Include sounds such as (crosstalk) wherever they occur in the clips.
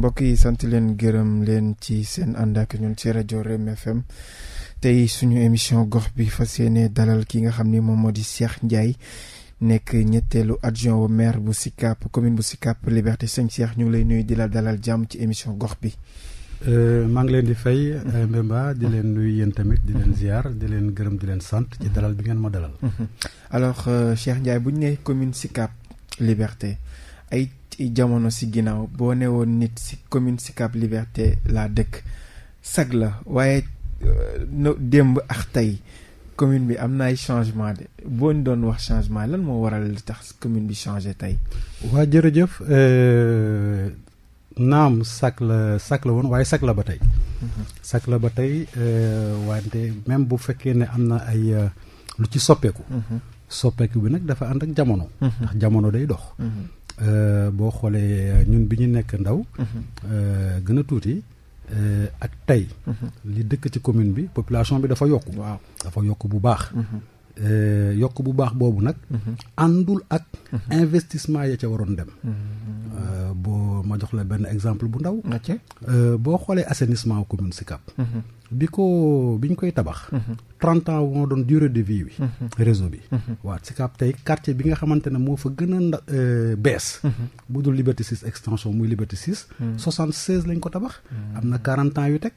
mbokk yi sant leen gërëm leen ci seen ànd ak ñun ci rajo Rewmi FM tey suñu émission gox bi fa yéene dalal ki nga xam ni moom moo di Cheikh Ndiaye nekk ñetteelu adjoint au maire bu Sicap commune bu Sicap Liberté sëñ Cheikh ñu ngi lay nuyu di la dalal jàmm ci émission gox bi. Euh, maa ngi leen di fay euh, Mbemba di leen nuyu yéen tamit di leen ziar di leen gërëm di leen sant ci dalal bi ngeen ma dalal. (laughs) alors euh, Cheikh Ndiaye bu ñu nee commune Sicap Liberté ci jamono si ginnaaw boo ne woon nit si commune Sicap Liberté laa dëkk sag la waaye euh, no démb ak tey commune bi am na ay changement de boo ñu doon wax changement lan moo waral li tax commune bi changé tey waa jërëjëf euh, naam sak la sak la woon waaye sak la ba tey mhm. sak la ba tey euh, wante même bu fekkee ne am na ay lu ci soppeeku mhm. soppeeku bi nag dafa ànd ak jamono mhm. ndax jamono day dox Euh, boo xoolee euh, ñun bi ñu nekk ndaw. Mhm. Euh, gën a tuuti. ak tey. Mhm. li dëkk ci commune bi population bi dafa yokk. waaw dafa yokk bu baax. Mhm. yokk bu baax boobu nag. àndul ak. investissement ya ca waroon dem. boo ma jox la benn exemple bu ndaw. boo xoolee assainissement commune Sicap. bi ko bi ñu koy tabax. 30 ans moo doon durée de vie bi. Mhm. réseau bi. Mhm. waaw Sicap tey quartier bi nga xamante ne moo fa gën a nda euh, bees. Mhm. bu dul Liberté 6 extension muy Liberté 6. 76 lañ ko tabax. am na 40 ans yu teg.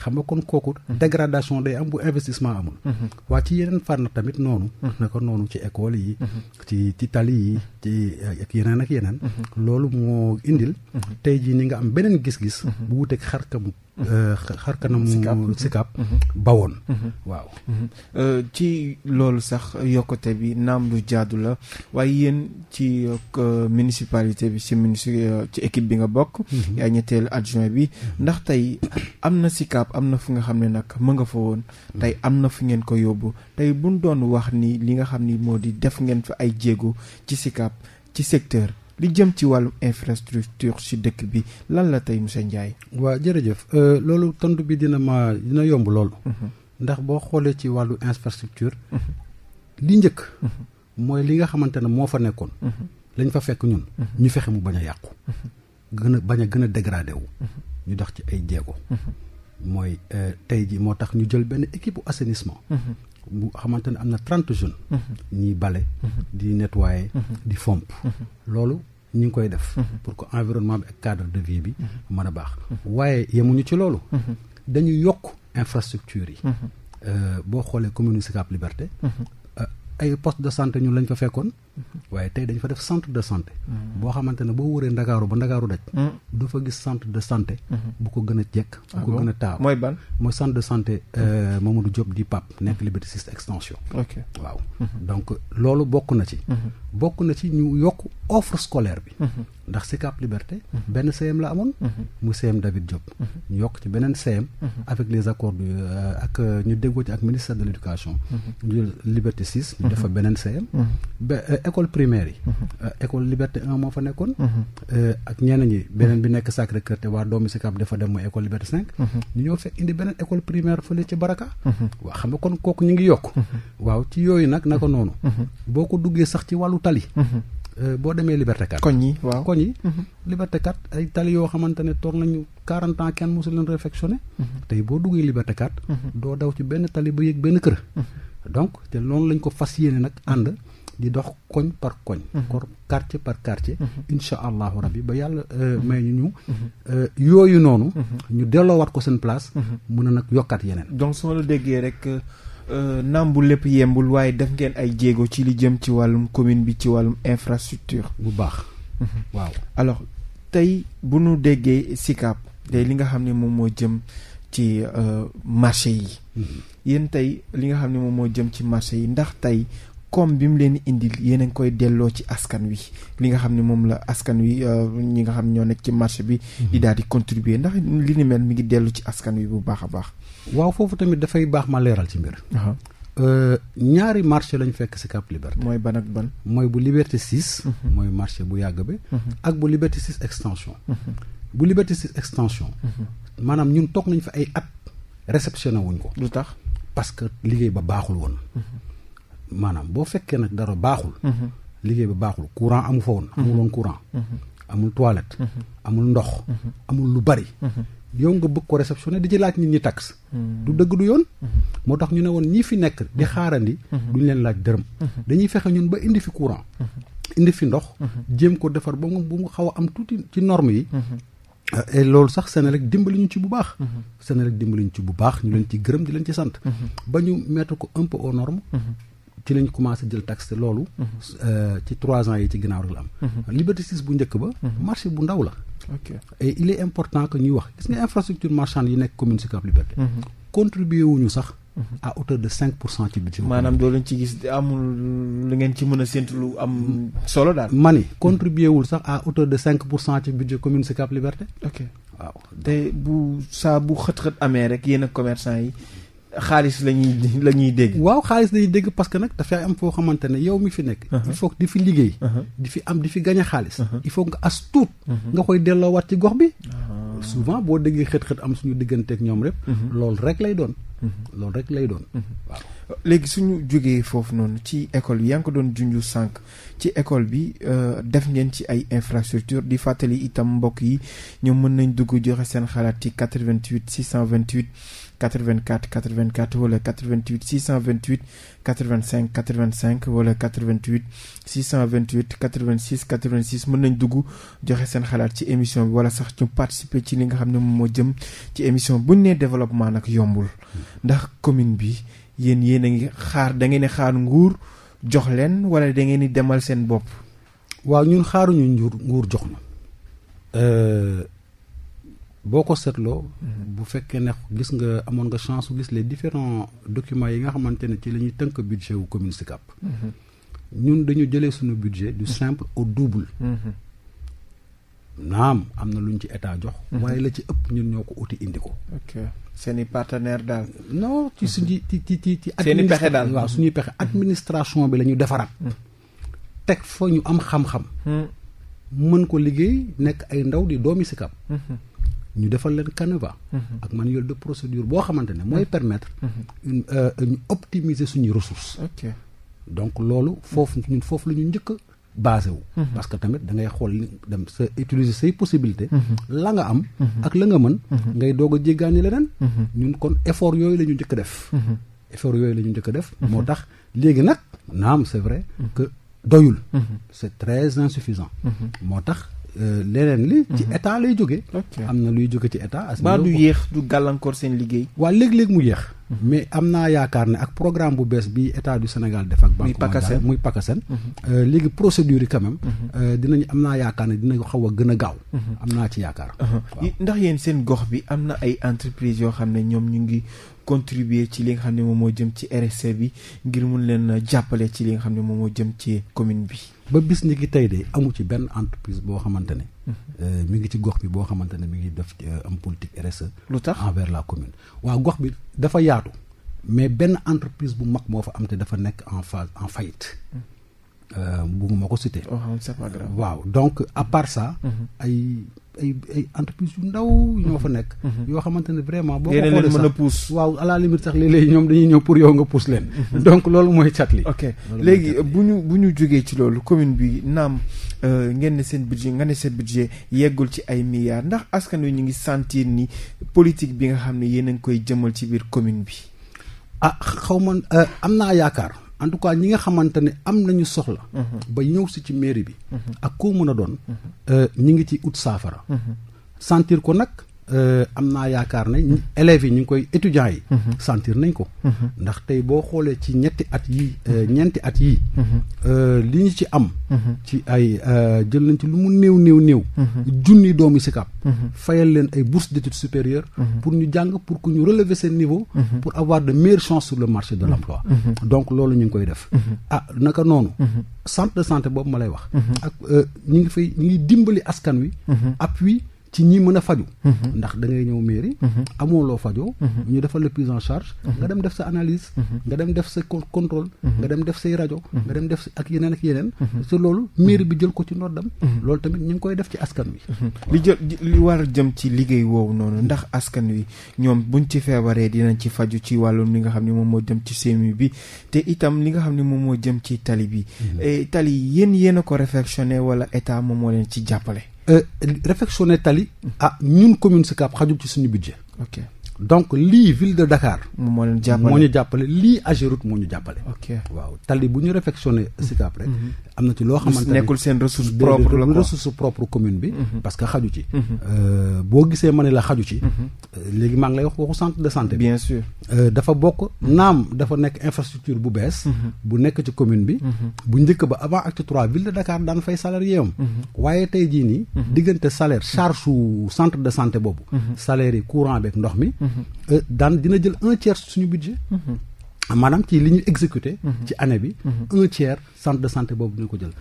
xam nga kon kooku dégradation day am bu investissement amul. waa ci yeneen fànn tamit noonu. naka noonu ci école yi. ci ci tali yi ci euh, ak yeneen ak yeneen. loolu moo indil. tey jii ni nga am beneen gis-gis. bu wuteeg xarkam euh, xarkanam Sicap bawoon waaw Euh, ci loolu sax yokkute bi naam lu jaadu la waaye yéen ci euh, municipalité bi ci munici euh, ci équipe bi nga bokk. Mhm. yaa ñetteel adjoint bi mhm. ndax tey am na sikaab am na fu nga xam ne nag mën nga fa woon. Mhm. tey am na fu ngeen ko yóbbu tey bu buñ doon wax ni li nga xam ni moo di def ngeen fa ay jéego ci sikaab ci secteur. li jëm ci wàllu infrastructure ci dëkk bi lan la tey monsieur Ndiaye. waaw jërëjëf loolu tontu bi dina ma dina yomb loolu ndax boo xoolee ci wàllu infrastructure li njëkk mooy li nga xamante ne moo fa nekkoon lañ fa fekk ñun ñu fexe mu bañ a yàqu gën a bañ a gën a dégradé wu ñu dox ci ay jéego mooy euh, tey ji moo tax ñu jël benn équipe bu assainissement bu xamante ne am na trente jeunes ñiy bale di nettoyer di fomp loolu ñu ngi koy def pour que environnement bi ak cadre de vie bi mën a baax waaye yemuñu ci loolu dañu yokk infrastructure yi. Mhm. Euh, boo xoolee commune Sicap Liberté. Mhm. Euh, ay poste de santé ñun lañ fa fekkoon. waaye tey dañ fa def centre de santé. boo xamante ne boo wëree ndakaaru ba ndakaaru daj. Mm. du fa gis centre de santé. Mm-hmm. bu ko gën a jekk bu ko ah gën a taaw. mooy ban mooy centre de santé euh, mm-hmm. Mamadou Diop di Pape nekk Liberté 6 extension. waaw mm-hmm. donc loolu bokk na ci. bokk na ci ñu yokk offre scolaire bi. ndax Sicap Liberté. benn CM la amoon. mu CM David Diop. ñu yokk ci beneen CM. avec les accords euh, ak euh, ñu déggoo ci ak ministère de l' éducation. Liberté 6. ñu école primaire yi. Euh, école Liberté moo fa nekkoon. Euh, ak ñeneen ñi beneen bi nekk Sacré Cœur te waa doomu Sicap dafa dem mooy école Liberté 5. ñu ñëw fekk indi beneen école primaire fële ci Baraka. waaw xam kon kooku ñu ngi yokk. waaw ci yooyu nag naka noonu. boo ko duggee sax ci wàllu tali. Euh, boo demee Liberté 4. koñ yi waaw koñ yi. Liberté 4 ay tali yoo xamante ne toog nañu 40 ans kenn mosu leen réfectionné. tey boo duggee Liberté 4. doo daw ci benn tali ba yëg benn di dox koñ par koñ. Mhm. kor quartier par quartier. Mhm. incha allahu rabbi ba yàlla euh, mhm. may ñu ñu. Euh, yooyu noonu. ñu delloo wat ko seen place. mun a nag yokkaat yeneen. donc su ma la déggee rek. Euh, naam bu lépp yembul waaye def ngeen ay jéego ci li jëm ci wàllum commune bi ci wàllum infrastructure. bu baax. waaw alors tey bu nu déggee SICAP tey li nga xam ne moom moo jëm ci marché yi. yéen tey li nga xam ne moom moo jëm ci marché yi ndax tey koom bi mu leen indil yéen a ngi koy delloo ci askan wi li nga xam ne moom la askan wi euh, ñi nga xam ñoo nekk ci marché bi. Mhm. di daal di contribuer ndax li ni mel mi ngi dellu ci askan wi bu baax a baax. waaw foofu tamit dafay baax ma leeral ci mbir. Euh, ñaari marché lañ fekk si Cap Liberté. mooy ban ak ban. mooy bu Liberté 6. Mhm. mooy marché bu yàgg bi. Mhm. ak bu Liberté 6 extension. bu Liberté 6 extension. maanaam ñun toog nañ fa ay at réceptionné wuñ ko. lu tax parce que liggéey ba baaxul woon. maanaam boo fekkee nag dara baaxul. Mhm. liggéey bi baaxul courant amu fa woon. amuloon courant. Mhm. amul toilette. Mhm. amul ndox. amul lu bari. yow nga bëgg ko réceptionné di ci laaj nit ñi tax. du dëgg du yoon. moo tax ñu ne woon ñi fi nekk di xaarandi. duñ leen laaj dërëm. dañuy fexe ñun ba indi fi courant. indi fi ndox. jéem ko defar ba mu bu mu xaw a am tuuti ci norme yi. Eh, eh, loolu sax Senelec dimbali ñu ci bu baax. dimbali ñu ci bu baax ñu leen ci gërëm di leen ci sant. ba ñu mettre ko un peu aux normes. ci lañ commencé jël taxe loolu. Euh, ci trois ans yi ci ginnaaw rek la am. Liberté 6 bu njëkk ba. marché bu ndaw la. ok et il est important que ñuy wax gis nga infrastructure marchande yi nekk commune Sicap Liberté. de cinq pour cent ci budget. maanaam doo leen ci gis amul lu ngeen ci mën a séntu lu am solo daal. ma ni contribuer wul sax à hauteur de cinq pour cent ci budget commune Sicap Liberté. ok waaw te bu saa bu xët-xët amee rek yéen ak yi. xaalis lañuy la ñuy dégg. waaw xaalis lañuy dégg parce que nag dafay am foo xamante ne yow mi fi nekk. Uh-huh. il faut que di fi liggéey. Uh-huh. di fi am di fi gañ a xaalis. Uh-huh. il faut nga as tuut. nga koy delloo waat ci gox bi. Ah. souvent boo déggee xët-xët am suñu digganteeg ñoom rek. lool rek lay doon. loolu rek lay doon. waaw léegi suñu jógee foofu noonu ci école bi yaa ngi ko doon junju sànq ci école bi euh, def ngeen ci ay infrastructure di fàttali itam mbokk yi ñoom mën nañ dugg joxe seen xalaat ci 88 628. 84 84 wala 88 628 85 85 wala 88 628 86 86 mën nañ dugg joxe seen xalaat ci émission bi wala sax ñu participer ci li nga xam ne moom moo jëm ci émission buñ nee développement nag yombul ndax commune bi yéen yéen a ngi xaar da ngeen di xaar nguur jox leen wala da ngeen di demal seen bopp. waaw ñun xaaruñu nguur nguur jox na. boo ko seetloo. bu fekkee ne gis nga amoon nga chance su gis les différents documents yi nga xamante ne ci la ñuy tënk budget wu commune Sicap ñun dañu jëlee suñu budget du simple au double. naam am na lu ñu ci état jox. waaye la ci ëpp ñun ñoo ko uti indi ko. ok seen i partenaire daal. non ci suñu ci ci ci ci. seen daal waaw suñuy pexe hmm. administration bi la ñu defaraat. Hmm. teg fa ñu am xam-xam. Hmm. mën ko liggéey nekk ay ndaw di doomi Sicap ñu defal leen canevas mhm. ak manuel de procédure boo xamante ne mooy mhm. permettre mhm. une euh, ñu optimiser suñuy ressources donc loolu foofu ñun foofu la ñu njëkk basé wu parce que tamit da xool dem sa utiliser say possibilités la nga am ak la nga mën ngay doog a jéggaani leneen ñun kon effort yooyu la ñu njëkk def effort yooyu la ñu njëkk def moo tax léegi nag naam c'est vrai que doyul c'est très insuffisant moo tax leneen li. ci mhm. état lay jóge am na luy jóge ci état. as ba du yéex du gàllankoor seen liggéey. waa léeg-léeg mu yéex. Mhm. mais am naa yaakaar ne ak programme bu bees bi état du Sénégal def ak. muy PACASEN muy PACASEN. Mhm. Euh, léegi procédure yi quand même. Euh, dinañ am naa yaakaar ne dinañ xaw a gën a gaaw. am naa ci yaakaar. ndax yéen seen gox bi am na ay entreprise yoo xam ne ñoom ñu ngi. contribuer ci li nga xam ne moom moo jëm ci RSE bi ngir mun leen jàppale ci li nga xam ne moom moo jëm ci commune bi. ba bis ni ki tey de amu ci benn entreprise boo xamante ne. Mhm. Euh, mi ngi ci gox bi boo xamante ne mi ngi def euh, am politique RSE. lu tax envers la commune. waa gox bi dafa yaatu. mais benn entreprise bu mag moo fa am te dafa nekk en phase en faillite. Mhm. Euh, bugguma ko citer. Oh, c'est waaw donc à part ça. Mhm. ay ay ay yu ndaw ñoo fa nekk. Mhm. yoo xamante ne vraiment. boo ko xoolee sax a pousse. waaw à la sax léeg-léeg ñoom dañuy ñëw pour yow nga pousse leen. Mhm. donc loolu mooy cat li. ok léegi bu ñu bu ñu jógee ci loolu commune bi naam euh, ngeen ne seen budget nga ne seen budget yeggul ci ay milliards ndax askan wi ñu ngi sentir ni politique bi nga xam ne yéen a ngi koy jëmal ci biir commune bi. ah xaw ma euh, am naa yaakaar. en tout cas ñi nga xamante ne am nañu soxla. Mhm. ba ñëw si ci mairie bi. Mhm. ak koo mën a doon. Mhm. Euh, ñi ngi ci ut saafara. sentir ko nag. Euh, am naa yaakaar ne élèves yi ñu ngi koy étudiants yi. Mhm. sentir nañ ko. Mhm. ndax tey boo xoolee ci ñetti at yi euh, ñeenti at yii. Mhm. Euh, li ñu ci am. ci ay jël nañ ci lu mu néew néew néew. junni doomi Sicap. fayal leen ay bourses d'études supérieures. pour ñu jàng pour que ñu relever seen niveau. pour avoir de meilleures chances sur le marché de l'emploi. donc loolu ñu ngi koy def. ah naka noonu. centre de santé boobu ma lay wax. ak ñu ngi fay ñu ngi dimbali askan wi. appui. ci ñi mën a faju mhm. ndax da ngay ñëw mairie mhm. amoo loo fajoo mhm. ñu defal la prise en charge nga dem def sa analyse nga dem def sa contrôle nga dem def say rajo nga dem def ak yeneen ak yeneen su loolu mairie bi jël ko ci noddam loolu tamit ñu ngi koy def ci askan wi li jël li war a jëm ci liggéey woowu noonu ndax askan wi ñoom buñ ci feebaree dinañ ci faju ci wàllum li nga xam ne moom moo jëm ci semi bi te itam li nga xam ne moom moo jëm ci tali bi eh, tali yéen yéen a ko réfectionné wala état moom moo leen ci jàppale Euh, réfectionner tali ah ñun commune Sicap xajul ci suñu budget ok donc lii ville de Dakar. moo leen jàppale moo ñu jàppale lii Ageroute moo ñu jàppale. waaw tali bu ñu réfectionné Sicap rek. Mhm. am na ci loo xamante bi. Mhm. Mhm. Euh, ma la xaju ci. Euh, léegi maa bi. bien sûr euh, dafa bokk naam dafa nekk infrastructure bu bees. bu nekk ci commune bi. bu njëkk ba avant acte trois ville de Dakar daan fay salarié am. waaye tey jii nii. diggante salaire charge su centre de santé boobu. salaire yi courant beeg ndox mi. Euh, daan dina jël un tiers suñu budget mhm. maanaam ci li ñu exécuté mhm. ci année bi mhm. un tiers centre de santé boobu dina ko jël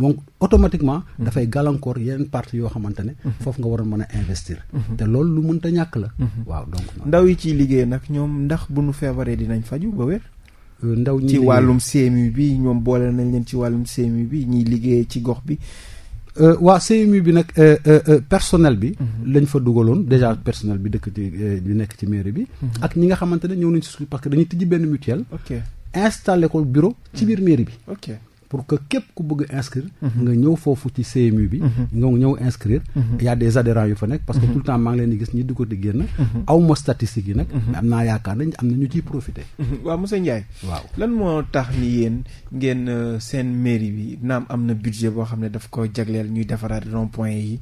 donc automatiquement dafay gàllankoor yeneen parti yoo xamante ne foofu nga waroon mën a investir te loolu lu mënta ñàkk la waaw donc ndaw yi ciy liggéey nag ñoom ndax bu nu feebaree dinañ faju ba wér euh, ndaw ñi ci wàllum CMU bi ñoom boole nañ leen ci wàllum CMU bi ñiy liggéey ci gox bi Euh, waa CMU bi nag euh, euh, personnel bi. Mhm. lañ fa dugaloon déjà personnel bi dëkk ci di nekk ci mairie bi. Mhm. ak ñi nga xamante ne ñëw nañ si suñu parce que dañuy tijji benn mutuelle. ok installé ko bureau ci mhm. biir mairie bi. pour que képp ku bëgg inscrire mhm. nga ñëw foofu ci CMU bi mhm. nga ñëw inscrire mhm. y a des adhérents yu fa nekk parce que tout temps maa ngi leen gis ñi di ko génn aw ma statistiques yi nag am naa yaakaar nañ am na ñu ciy profité waaw monsieur Ndiaye waaw lan moo tax ni yéen ngeen euh, seen mairie bi naam am na budget boo xam ne daf ko jagleel ñuy defaraat rond point yi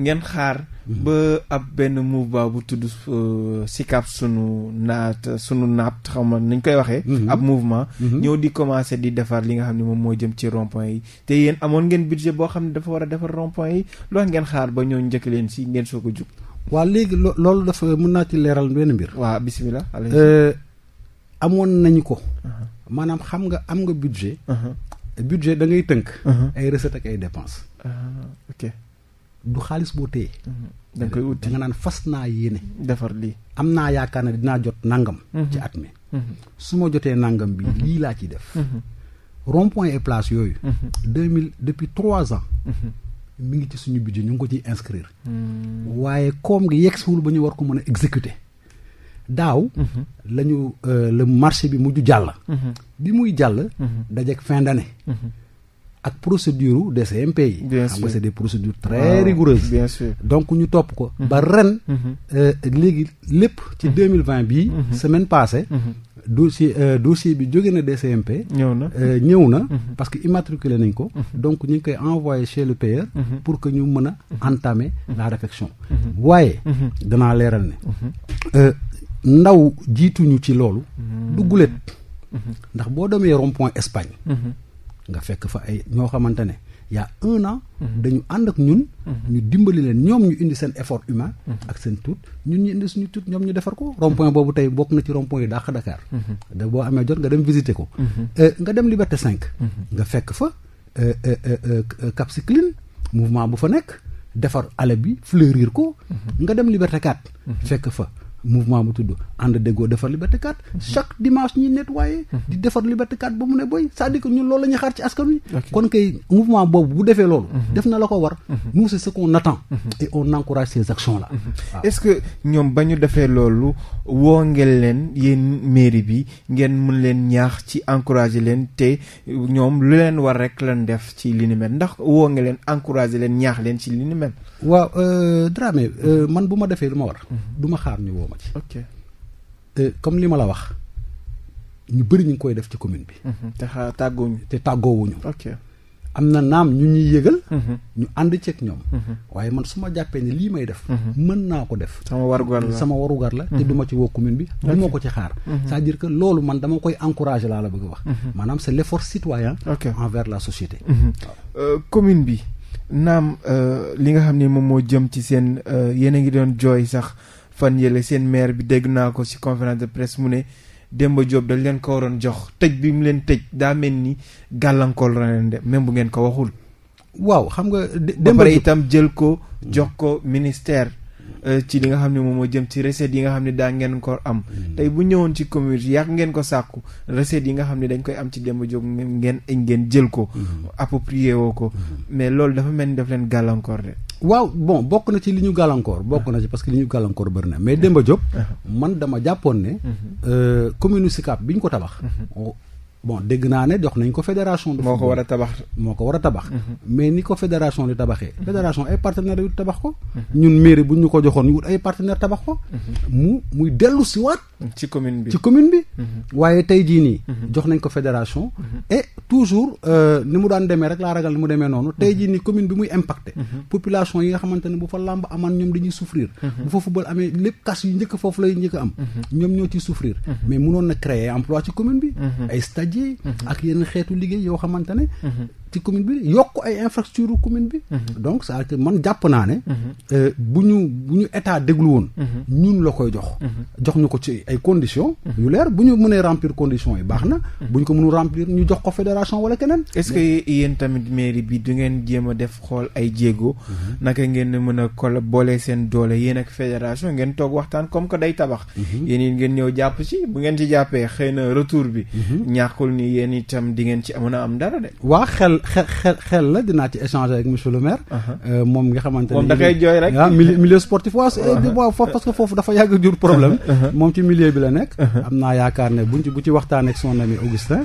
ngeen xaar ba ab benn mouvement bu tudd euh, sikap sunu naat sunu naat xam nga nañ koy waxee mhm. ab mouvement mhm. ñëw di commencé di defar li nga xam ne moom moo jëm ci rond yi te yéen amoon ngeen budget boo xam ne dafa war a defar rond point yi loo ngeen xaar ba ñëw njëkk leen si ngeen soo ko jug waa léegi loolu dafa mun naa ci leeral benn mbir waa bisimilah euh, amoon nañu ko uh-huh. maanaam xam nga am nga budget uh-huh. budget da ngay tënk uh-huh. ay recette ak ay dépense du xaalis boo téye. Mhm. da nga da nga naan fas naa yéene. defar lii am naa yaakaar ne dinaa jot nangam. Mhm. ci at mhm. su ma jotee nangam bi lii laa ciy def. rond point et place yooyu. deux mille depuis trois ans. mi ngi ci suñu budget ñu ngi ko ciy inscrire. waaye koom gi yegsiwul ba ñu war ko mën a exécuter. daaw. la ñu euh, bi mujj jàll. bi muy jàll. dajeeg fin d'année. ak procédure DCMP yi. bien sûr xam des procédures très ah, donc ñu topp ko. Mhm. ba ren. Mhm. Euh, léegi lépp ci mhm. deux mille vingt bii. semaine passée. dossier euh, dossier bi jóge na DCMP. ñëw na euh, ñëw na. parce que immatriculé nañ ko. donc ñu ngi koy envoyé chez le payeur. pour que ñu mën a entamer la réflexion. waaye. danaa leeral ne. Euh, ndaw jiituñu ci loolu. du gulet. ndax boo demee rond Espagne. nga fekk fa ay ñoo xamante ne y' a un an. Mhm. dañu ànd ak ñun. Mhm. ñu dimbali leen ñoom ñu indi seen effort humain. Mhm. ak seen tuut ñun ñu indi suñu tuut ñoom ñu defar ko. rond point boobu tey bokk na ci rond point yi dàq Dakar. da boo amee jot nga dem visiter ko. Euh, nga dem Liberté 5. nga fekk fa euh, euh, Cap Skirring mouvement bu fa nekk defar allée bi ko. nga dem Liberté 4. fekk fa. mouvement bu tudd ànd déggoo defar liberté 4 mhm. chaque dimanche ñuy nettoyer mhm. di defar liberté 4 ba mu ne boy c'est-à-dire que ñun lool la ñuy xaar ci askan wi kon kay mouvement boobu bu defee loolu mhm. def na la ko war nous c'est ce qu'on attend et on encourage ces actions là est-ce que ñoom ba ñu defee loolu woo ngeen leen yéen mairie bi ngeen mën leen ñaax ci encourager leen te ñoom lu leen war rek lan def ci li ndax woo ngeen leen encourager leen ñaax leen ci li ni mel waaw euh, euh, man bu ma defee lu ma war ma ci. comme li ma la wax ñu bëri ñu ngi koy def ci commune bi. Mhm. te xa tàggoowuñu te tàggoowuñu. am na naam ñu ñuy yëgal. Mhm. ñu ànd ceeg ñoom. Mhm. waaye man su ma jàppee ne lii may def. mën naa ko def. sama warugar la sama warugar la. te du ma ci woo commune bi. du ma ko ci xaar. c'est-à-dire que loolu man dama koy encourager laa la bëgg wax. maanaam c'est l'effort citoyen. envers la société. Euh, commune bi. naam euh, li nga xam ne moom moo jëm ci seen euh, yéen a ngi doon jooy sax fan yële seen maire bi dégg naa ko ci conférence de presse mu ne Demba Diop dal leen ko waroon jox tëj bi mu leen tëj daa mel ni gàllankoor la leen de même bu ngeen ko waxul. waaw xam nga. Demba Diop ba itam jël ko mm. jox ko ministère. Euh, ci li nga xam ne moom moo jëm ci recettes yi nga xam ne daa ngeen ko am hmm. tey bu ñëwoon ci commune yàgg ngeen ko sàkku recettes yi nga xam ne dañ koy am ci Demba Diop ngeen ngeen jël ko hmm. approprié woo ko hmm. mais loolu dafa mel ni def leen gàllankoor de waaw bon bokk na ci li ñu gàllankoor bokk na ci parce que li ñu gàllankoor bëri na mais Demba Diop man dama jàppoon ne euh, commune Sicap bi ñu ko tabax bon dégg naa ne jox nañ ko fédération. moo ko war a tabax a mhm. tabax. mais ni ko fédération di tabaxee. Mhm. fédération ay partenaires yu tabax ko. Mhm. ñun mairie bu ñu ko joxoon ñu wut ay partenaires tabax ko. mu muy dellu si waat. ci commune bi ci commune bi. waaye tey jii nii. jox nañ ko fédération. et toujours euh, ni mu daan demee rek laa ragal ni mu demee noonu. tey jii nii commune bi muy impacté. population yi nga xamante ne bu fa làmb amaan ñoom dañuy souffrir. bu fa football amee lépp casse yu njëkk foofu lay njëkk am. ñoom ñoo ciy souffrir. mais mënoon na créer bi. ji ak yenn xeetu liggéey yoo xamante ne mhm. ci commune bi yokk ay infrastructure commune bi mhm. donc cest à man jàpp naa ne mhm. euh, bu ñu bu ñu état déglu woon mhm. ñun la koy jox jox ñu ko ci ay conditions yu leer bu ñu mën mënee remplir conditions yi baax na bu ñu ko mënul remplir ñu jox ko fédération wala keneen est-ce que yéen tamit mairie bi du ngeen jéem a def xool ay jéego naka ngeen mën a kol boolee seen doole yéen ak fédération ngeen toog waxtaan comme que day tabax yéen it ngeen ñëw jàpp ci bu ngeen ci jàppee xëy na retour bi ñàkkul ni yéen itam di ngeen ci mën a am dara xel xel xel la dinaa ci échanger ak monsieur maire. Uh-huh. Euh, moom nga xamante ni moom da jooy rek. ah milieu milieu sportif waaw uh-huh. waaw foofu foofu dafa yàgg jur problème. Uh-huh. moom ci milieu bi la nekk. am naa yaakaar ne buñ ci bu ci waxtaanee ak son ami Augustin.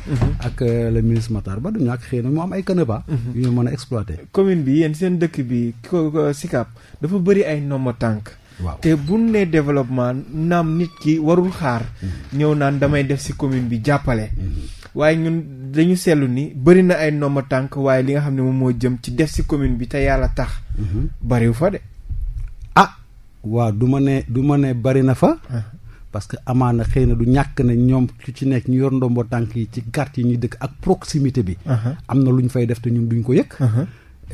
ak euh, le ministre Matar Ba du ak xëy na mu am ay canevas. yu ñu mën a exploiter. commune bi yéen seen dëkk bi ko Sicap dafa bëri ay ndombo tànk. waaw te buñ ne développement naam nit ki warul xaar. Mm-hmm. ñëw naan damay def si commune bi jàppale. Mm-hmm. waaye ñun dañu seetlu ni bëri na ay nomba tànk waaye li nga xam ne moom moo jëm ci def si commune bi te yàlla tax. Mm-hmm. bariw fa de. ah waaw du ma ne du ma ne bari na fa. Ah. parce que amaana xëy na du ñàkk ne ñoom ku ci nekk ñu yor ndombo tànk yi ci quartier yi ñuy dëkk ak proximité bi. Ah. am na lu ñu fay def te ñun duñ ko yëg. Ah.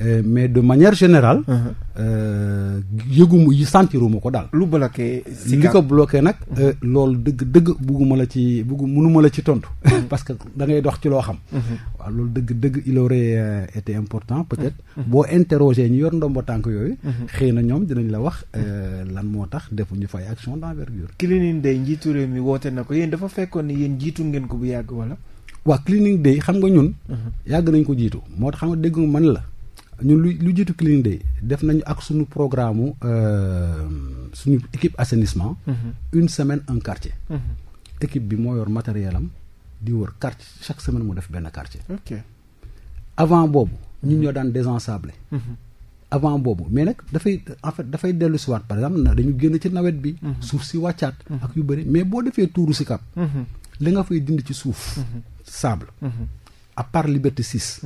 Euh, mais de manière générale. Uh-huh. Euh, yëguma yi sentiruma ko daal. lu bloqué si li ko bloqué nag. Uh-huh. Euh, loolu dëgg dëgg bugguma la ci buggu munuma la ci tontu. Uh-huh. parce que da ngay dox ci loo xam. waaw loolu dëgg dëgg il aurait été important peut-être. boo interroger ñu yor ndombo tànk yooyu. xëy na ñoom dinañ la wax lan moo tax defuñu fay action d'envergure. cleaning day njiitu réew mi woote na ko yéen dafa fekkoon ne yéen jiitu ngeen ko bu yàgg wala. waa cleaning day xam nga ñun. yàgg nañ ko jiitu moo tax xam nga dégg man la. ñun lu lu jiitu clean def nañu ak suñu programme mu euh, suñu équipe assenissement mm-hmm. une semaine en quartier. Mm-hmm. équipe bi moo yor matériel am di wër quartier chaque semaine moo def benn quartier. ok avant boobu. ñun mm-hmm. ñoo daan désensabler. avant boobu mais nag dafay en dafay dellu siwaat par exemple dañu génn ci nawet bi. suuf si wàccaat. ak yu bëri mais boo defee tuuru si kap li nga fay dindi ci suuf. sable. à Liberté 6.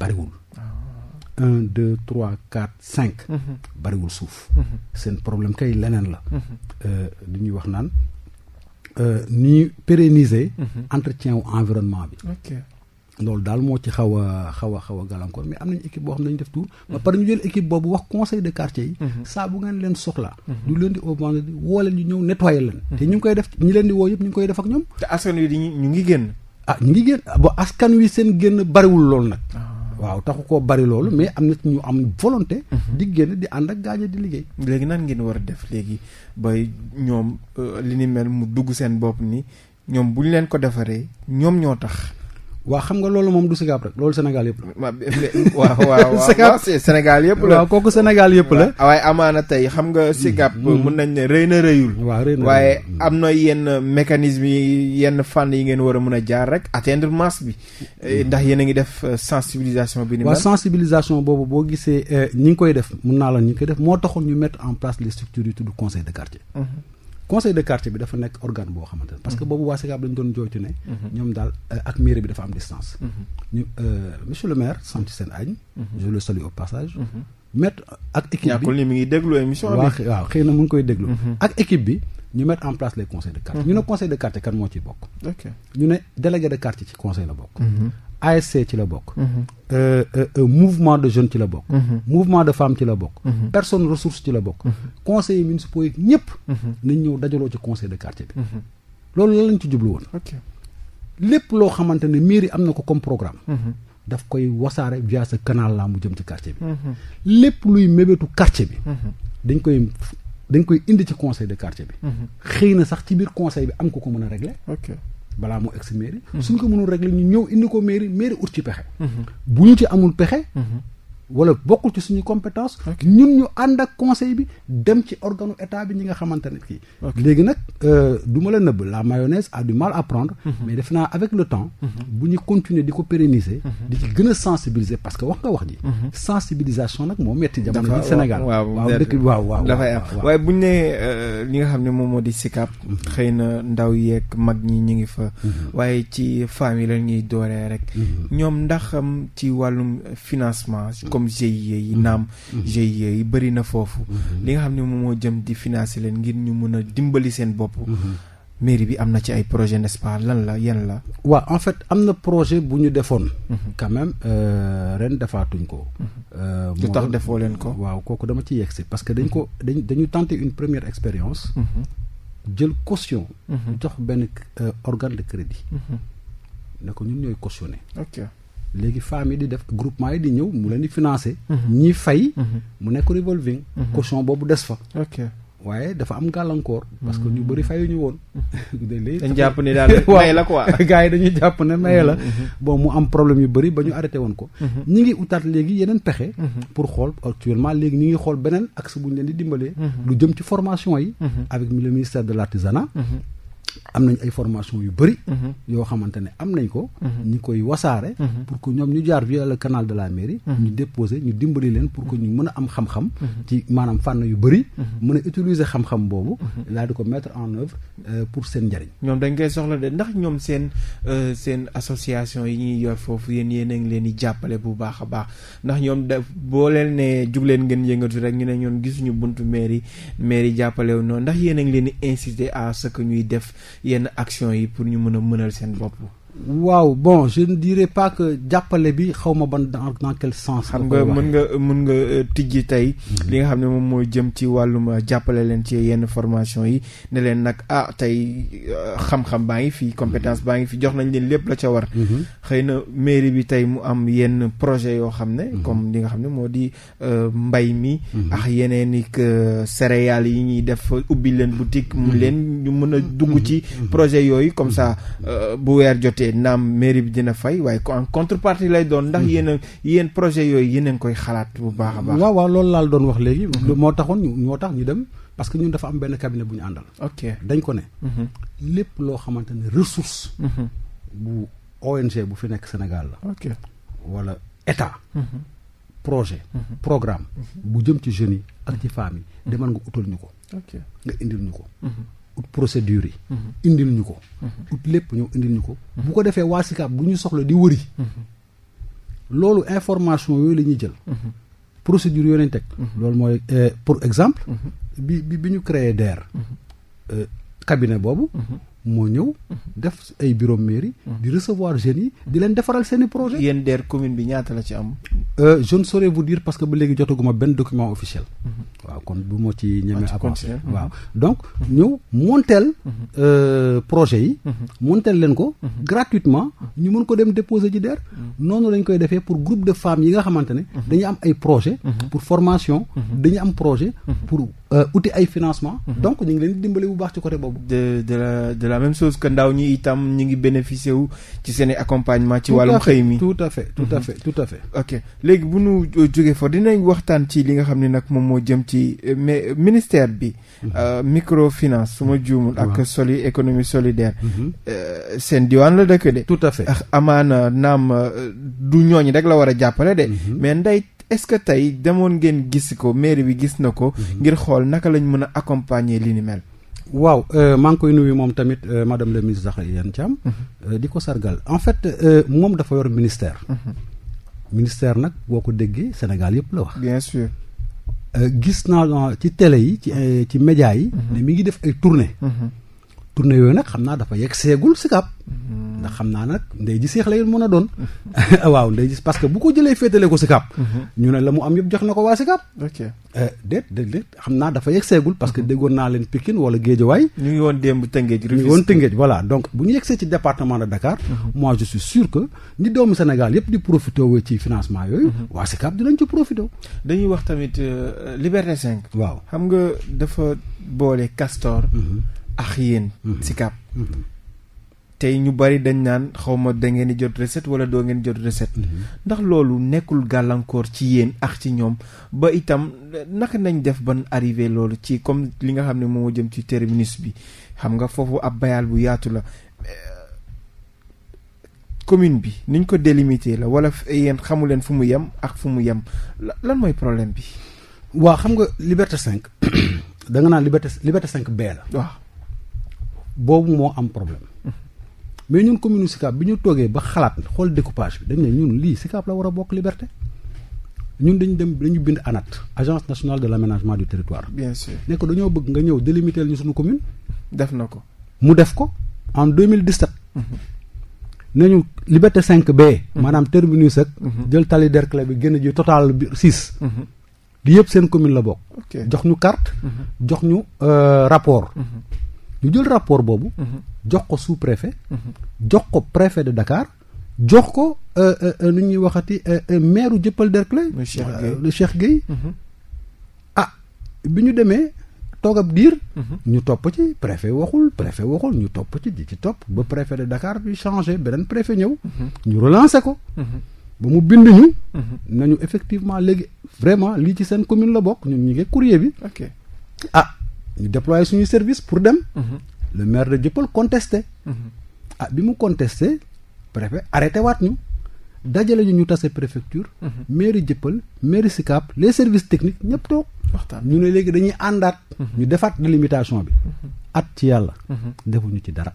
bariwul. Ah. un deux trois quatre cinq. Mm-hmm. bariwul suuf. Mm-hmm. seen problème kay leneen la. Mm-hmm. Euh, li ñuy wax naan ñuy euh, pérenniser. entretien wu environnement bi. loolu daal moo ci xaw a xaw a xaw a gàllankoor mais am nañu équipe boo xam ne dañu def tour ba pare ñu jël équipe boobu wax conseil de quartier yi. saa bu ngeen leen soxla du lundi au vendredi woo leen ñu ñëw nettoyer leen. te ñu ngi koy def ñi leen di woo yëpp ñu ngi koy def ak ñoom. te askan wi di ñu ngi génn. ah ñu ngi génn ba askan wi seen génn bariwul loolu nag. Ah. waaw taxu ko bari loolu mais am na ci ñu am volonté. di génn di ànd ak gaañ di liggéey. léegi nan ngeen war a def léegi ba ñoom euh, li ni mel mu dugg seen bopp ni ñoom bu ñu leen ko defaree ñoom ñoo tax. waa xam nga loolu moom du Sicap rek loolu Sénégal yëpp la. waaw (laughs) Sénégal yëpp la. kooku Sénégal yëpp la. waaye amaana tey xam nga. si Sicap hmm. mën nañ ne rëy na rëyul. waaw rëy waaye am na yenn mécanisme yi yenn fànn yi ngeen war a mën a jaar rek atteindre masse bi. Eh, hmm. ndax yéen a ngi def euh, sensibilisation bi. ni mel sensibilisation boobu boo gisee euh, ñi ngi koy def mun naa la ñu ngi koy def moo taxul ñu mettre en place les structures yu tudd conseil de quartier. Hmm. conseil de quartier bi dafa nekk organe boo xamante ne parce que mhm. boobu waa Sicap doon jooytu ne mhm. ñoom daal euh, ak mairie bi dafa am distance mhm. ñu euh, le maire sant seen añ je le salue au passage mettre ak équipe bi ñàkkul ni mi ngi déglu émission bi waaw xëy mu ngi koy déglu ak équipe bi ñu mettre en place les conseils de quartier ñu ne conseil de quartier kan moo ciy bokk ñu ne délégué de quartier ci conseil bokk ASC ci la bokk. Mhm. Euh, euh, euh, mouvement de jeunes ci la bokk. Mhm. mouvement de femmes ci la bokk. Mhm. personne ressource ci la bokk. conseillers municipaux yi ñëpp. nañ ñëw dajaloo ci conseil de quartier bi. loolu lan lañ ci jublu woon. lépp loo xamante ne mairie am na ko comme programme. daf koy wasaare via ce canal là mu jëm ci quartier bi. lépp luy mébétu quartier bi. dañ koy dañ koy indi ci conseil de quartier bi. xëy na sax ci biir conseil bi am ko ko mën a régler. balaa mu egsi mairie. Mm-hmm. suñ ko mënul régler ñu ñëw indi ko mairie mairie ut ci pexe. Mm-hmm. bu ñu ci amul pexe. Mm-hmm. wala bokkul ci suñu compétence ñun ñu ànd ak conseil bi dem ci organu état bi ñi nga xamante ne kii léegi nag euh, du ma la nëbb la mayonnaise a du mal à prendre mhm. mais defe naa avec le temps mhm. bu ñu continuer di ko pérenniser mhm. di ci gën a sensibiliser parce que wax nga wax ji sensibilisation nag moo metti jamono ji Sénégal waaw dëkk bi waaw waaw dafay am waaye buñ ne euh, li nga xam ne moom moo di SICAP xëy na ndaw yeeg mag ñi ñu ngi fa waaye ci famille la ñuy dooree rek ñoom ndax ci wàllum financement comme GIE yi mm-hmm. naam mm-hmm. GIE yi bëri na foofu mm-hmm. li nga xam ne moom moo jëm di financer leen ngir ñu mën a dimbali seen bopp mairie bi am na ci ay projet n'est-ce pas lan la yan la waaw en fait am na projet bu ñu defoon quand même euh, ren defaatuñ ko euh, lu tax defoo leen ko waaw kooku dama ci yegsi parce que dañ ko dañ dañu tenter une première expérience jël caution jox benn euh, organe de crédit ne ñun ñooy cautionné léegi femmes yi di def groupement yi di ñëw mu leen di financé. ñi fay. mu nekk revolving. caution boobu des fa. ok waaye dafa am gàllankoor. parce que ñu bëri fayuñu woon. léegi (laughs) dañu jàpp ne daal (laughs) may la quoi. (laughs) gars yi dañuy jàpp ne may la. Mhm. Mhm. bon mu am problème yu bëri ba ñu arrêté woon ko. Mhm. ñi ngi utaat léegi yeneen pexe. pour xool actuellement léegi ñi ngi xool beneen axe bu ñu leen di dimbalee. lu jëm ci formation yi. avec le ministère de l'artisanat. am nañ ay formation yu bëri. Mhm. yoo xamante ne am nañ ko. Mhm. ñu koy wasaare. Mhm. pour que ñoom ñu jaar via le canal de la mairie. ñu déposer ñu dimbali leen pour que ñu mën a am xam-xam. ci maanaam fànn yu bëri. mën a utiliser xam-xam boobu. laa di ko mettre en œuvre euh, pour seen njariñ. ñoom dañ koy soxla de ndax ñoom seen euh, seen association yi ñuy yor foofu yéen yéen a ngi leen di jàppale bu baax a baax ndax ñoom da boo leen nee jug leen ngeen yëngatu rek ñu ne ñoon gisuñu buntu mairie mairie jàppale wu noonu ndax yéen a ngi leen yenn action yi pour ñu mën a mënal seen bopp waaw bon je ne dirais pas que jàppale bi xaw ma ban dans dans quel sens. xam nga mën nga mën nga euh, tijji tey. Mhm. li nga xam ne moom moo jëm ci wàllum euh, jàppale leen ci yenn formation yi ne leen nag ah tey euh, xam-xam baa ngi fi compétence mhm. baa ngi fi jox nañ leen lépp la ca war. Mhm. xëy na mairie bi tey mu am yenn projet yoo xam ne. comme li nga xam ne moo di mbay mi. ak yeneen i céréales yi ñuy def ubbi leen boutique. mu leen ñu mën a dugg ci projet yooyu comme ça bu weer jote te naam mairie bi dina fay waaye en contrepartie lay doon ndax hmm. yéen a yéen projet yooyu yéen a ngi koy xalaat bu baax a baax. waaw waaw loolu laal doon wax léegi. Hmm. moo taxoon ñoo tax ñu dem parce que ñun dafa am benn cabinet bu ñu àndal. ok dañ ko ne. Hmm. lépp loo xamante ne ressource. bu ONG bu fi nekk senegal la. ok wala état. projet programme bu jëm ci jeunes yi ak ci femmes yi demal nga utal ñu ko. nga indil ñu ko. ut procédure yi. Mhm. indil ñu ko. Mhm. ut lépp ñëw indil ñu ko. Mhm. bu ko defee waa SICAP bu ñu soxla di wëri. loolu information yooyu la jël. procédure yooyu lañ teg. loolu mooy eh, pour exemple. bi bi bi ñu créé DER. Eh, cabinet boobu. moo ñëw. def ay bureau mairie. di recevoir jeunes yi di leen defaral seen i projet yéen DER commune bi ñaata la ci am. Euh, je ne saurais vous dire parce que ba léegi jotaguma benn document officiel. Mhm. waaw kon bu ma ci ñemee ah, avancé waaw mhm. donc ñëw monteel mhm. euh, projet yi. monteel leen ko. gratuitement ñu mën ko dem déposer ci DER. noonu lañ koy defee pour groupe de femmes yi nga xamante ne. dañu am ay projet pour formation. dañu am projet pour euh, uti ay financement donc laa la même chose que ndaw ñi itam ñi ngi bénéficier wu ci seen i accompagnement ci wàllum xëy mi tout à fait tout à mhm. fait tout à fait ok léegi bu nu euh, jógee fa dinañ waxtaan ci li nga xam ni nag moom moo jëm ci euh, mais euh, ministère bi mhm. microfinance su ma juumul ak soli économie solidaire mhm. seen diwaan la dëkk de tout à fait ah, amaana naam du ñooñu rek la war a jàppale de mais ndey est-ce que tey demoon ngeen gis ko mairie bi gis na ko ngir xool naka lañ mën a accompagner li ni mel waaw euh, maa ngi koy nuyu moom tamit euh, madame le ministre Zahra Thiam. Mm-hmm. Euh, di ko sargal en fait moom dafa yor ministère. Mm-hmm. ministère nag boo ko déggee Sénégal yëpp la wax. bien gis naa ci télé yi ci mm-hmm. ci média yi. ne mi ngi def ay tournée tournée yooyu nag xam naa dafa yegg seegul Sicap ndax xam naa nag ndey ji seex lay mën a doon (laughs) waaw ndey ji parce que bu ko jëlee féetale ko Sicap ñu ne la mu am yëpp jox na ko waa Sicap euh, parce que mhm. déggoon naa leen Pikine wala Géejawaay ñu ngi woon démb Tëngéej ñu ngi woon mhm. doomu Sénégal yëpp di profité woo ci financement yooyu mhm. waa Sicap dinañ ci profité dañuy wax tamit euh, Liberté 5 waaw xam nga dafa boole Castor ax yéen Sicap mhm. mhm. tey ñu bari dañ naan xawma da ngeen di jot recette wala doo ngeen jot recette mhm. ndax loolu nekkul gàllankoor ci yéen ax ci ñoom ba itam naka nañ def ban arrivé loolu ci comme li nga xam ne moo jëm ci terminus bi xam nga foofu ab bayal bu yaatu la euh, commune bi niñ ko délimité la wala yéen xamuleen fu mu yem ak fu mu yem lan mooy problème bi waa xam nga liberté 5 (coughs) da nga naan liberté liberté 5 B la waaw boobu moo am problème mais ñun commune Sicap bi ñu toogee ba xalaat xool découpage bi dañ ne ñun lii Sicap la war a bokk liberté ñun dañu dem dañu bind ANAT agence nationale de l' aménagement du territoire. bien sûr ne ko dañoo bëgg nga ñëw délimiter ñu suñu commune. def na ko mu def ko en 2017. nañu liberté cinq b maanaam terminus ak. jël tali Derklé bi génn ji total bi 6. li yëpp seen commune la bokk. jox ñu carte. jox ñu euh, rapport. Mhm. ñu jël rapport boobu. Mhm. jox ko sous préfet. Mhm. jox ko préfet de Dakar. jox ko euh, euh, euh, nu ñuy waxati maire u Dieuppeul Derklé. le Cheikh Gueye mhm. ah bi ñu demee toog ab diir. ñu topp ci préfet waxul préfet waxul ñu topp ci di ci topp ba préfet de Dakar bi changé beneen préfet ñëw. ñu relancer ko. ba mu bind ñu. nañu effectivement léegi vraiment lii ci seen commune la bokk ñun ñu ngi courrier bi. Ah, ñu déployé suñu service pour dem. Mhm. le maire de Dieuppeul contesté. Mhm. a ah, bi mu contesté préfet arrêté waat ñu. dajale ñu ñu tase préfecture. Mhm. mairie Dieuppeul mairie Sicap les services techniques ñëpp toog. ñu ne léegi dañuy àndaat. ñu defaat délimitation bi. at ci yàlla. defuñu ci dara.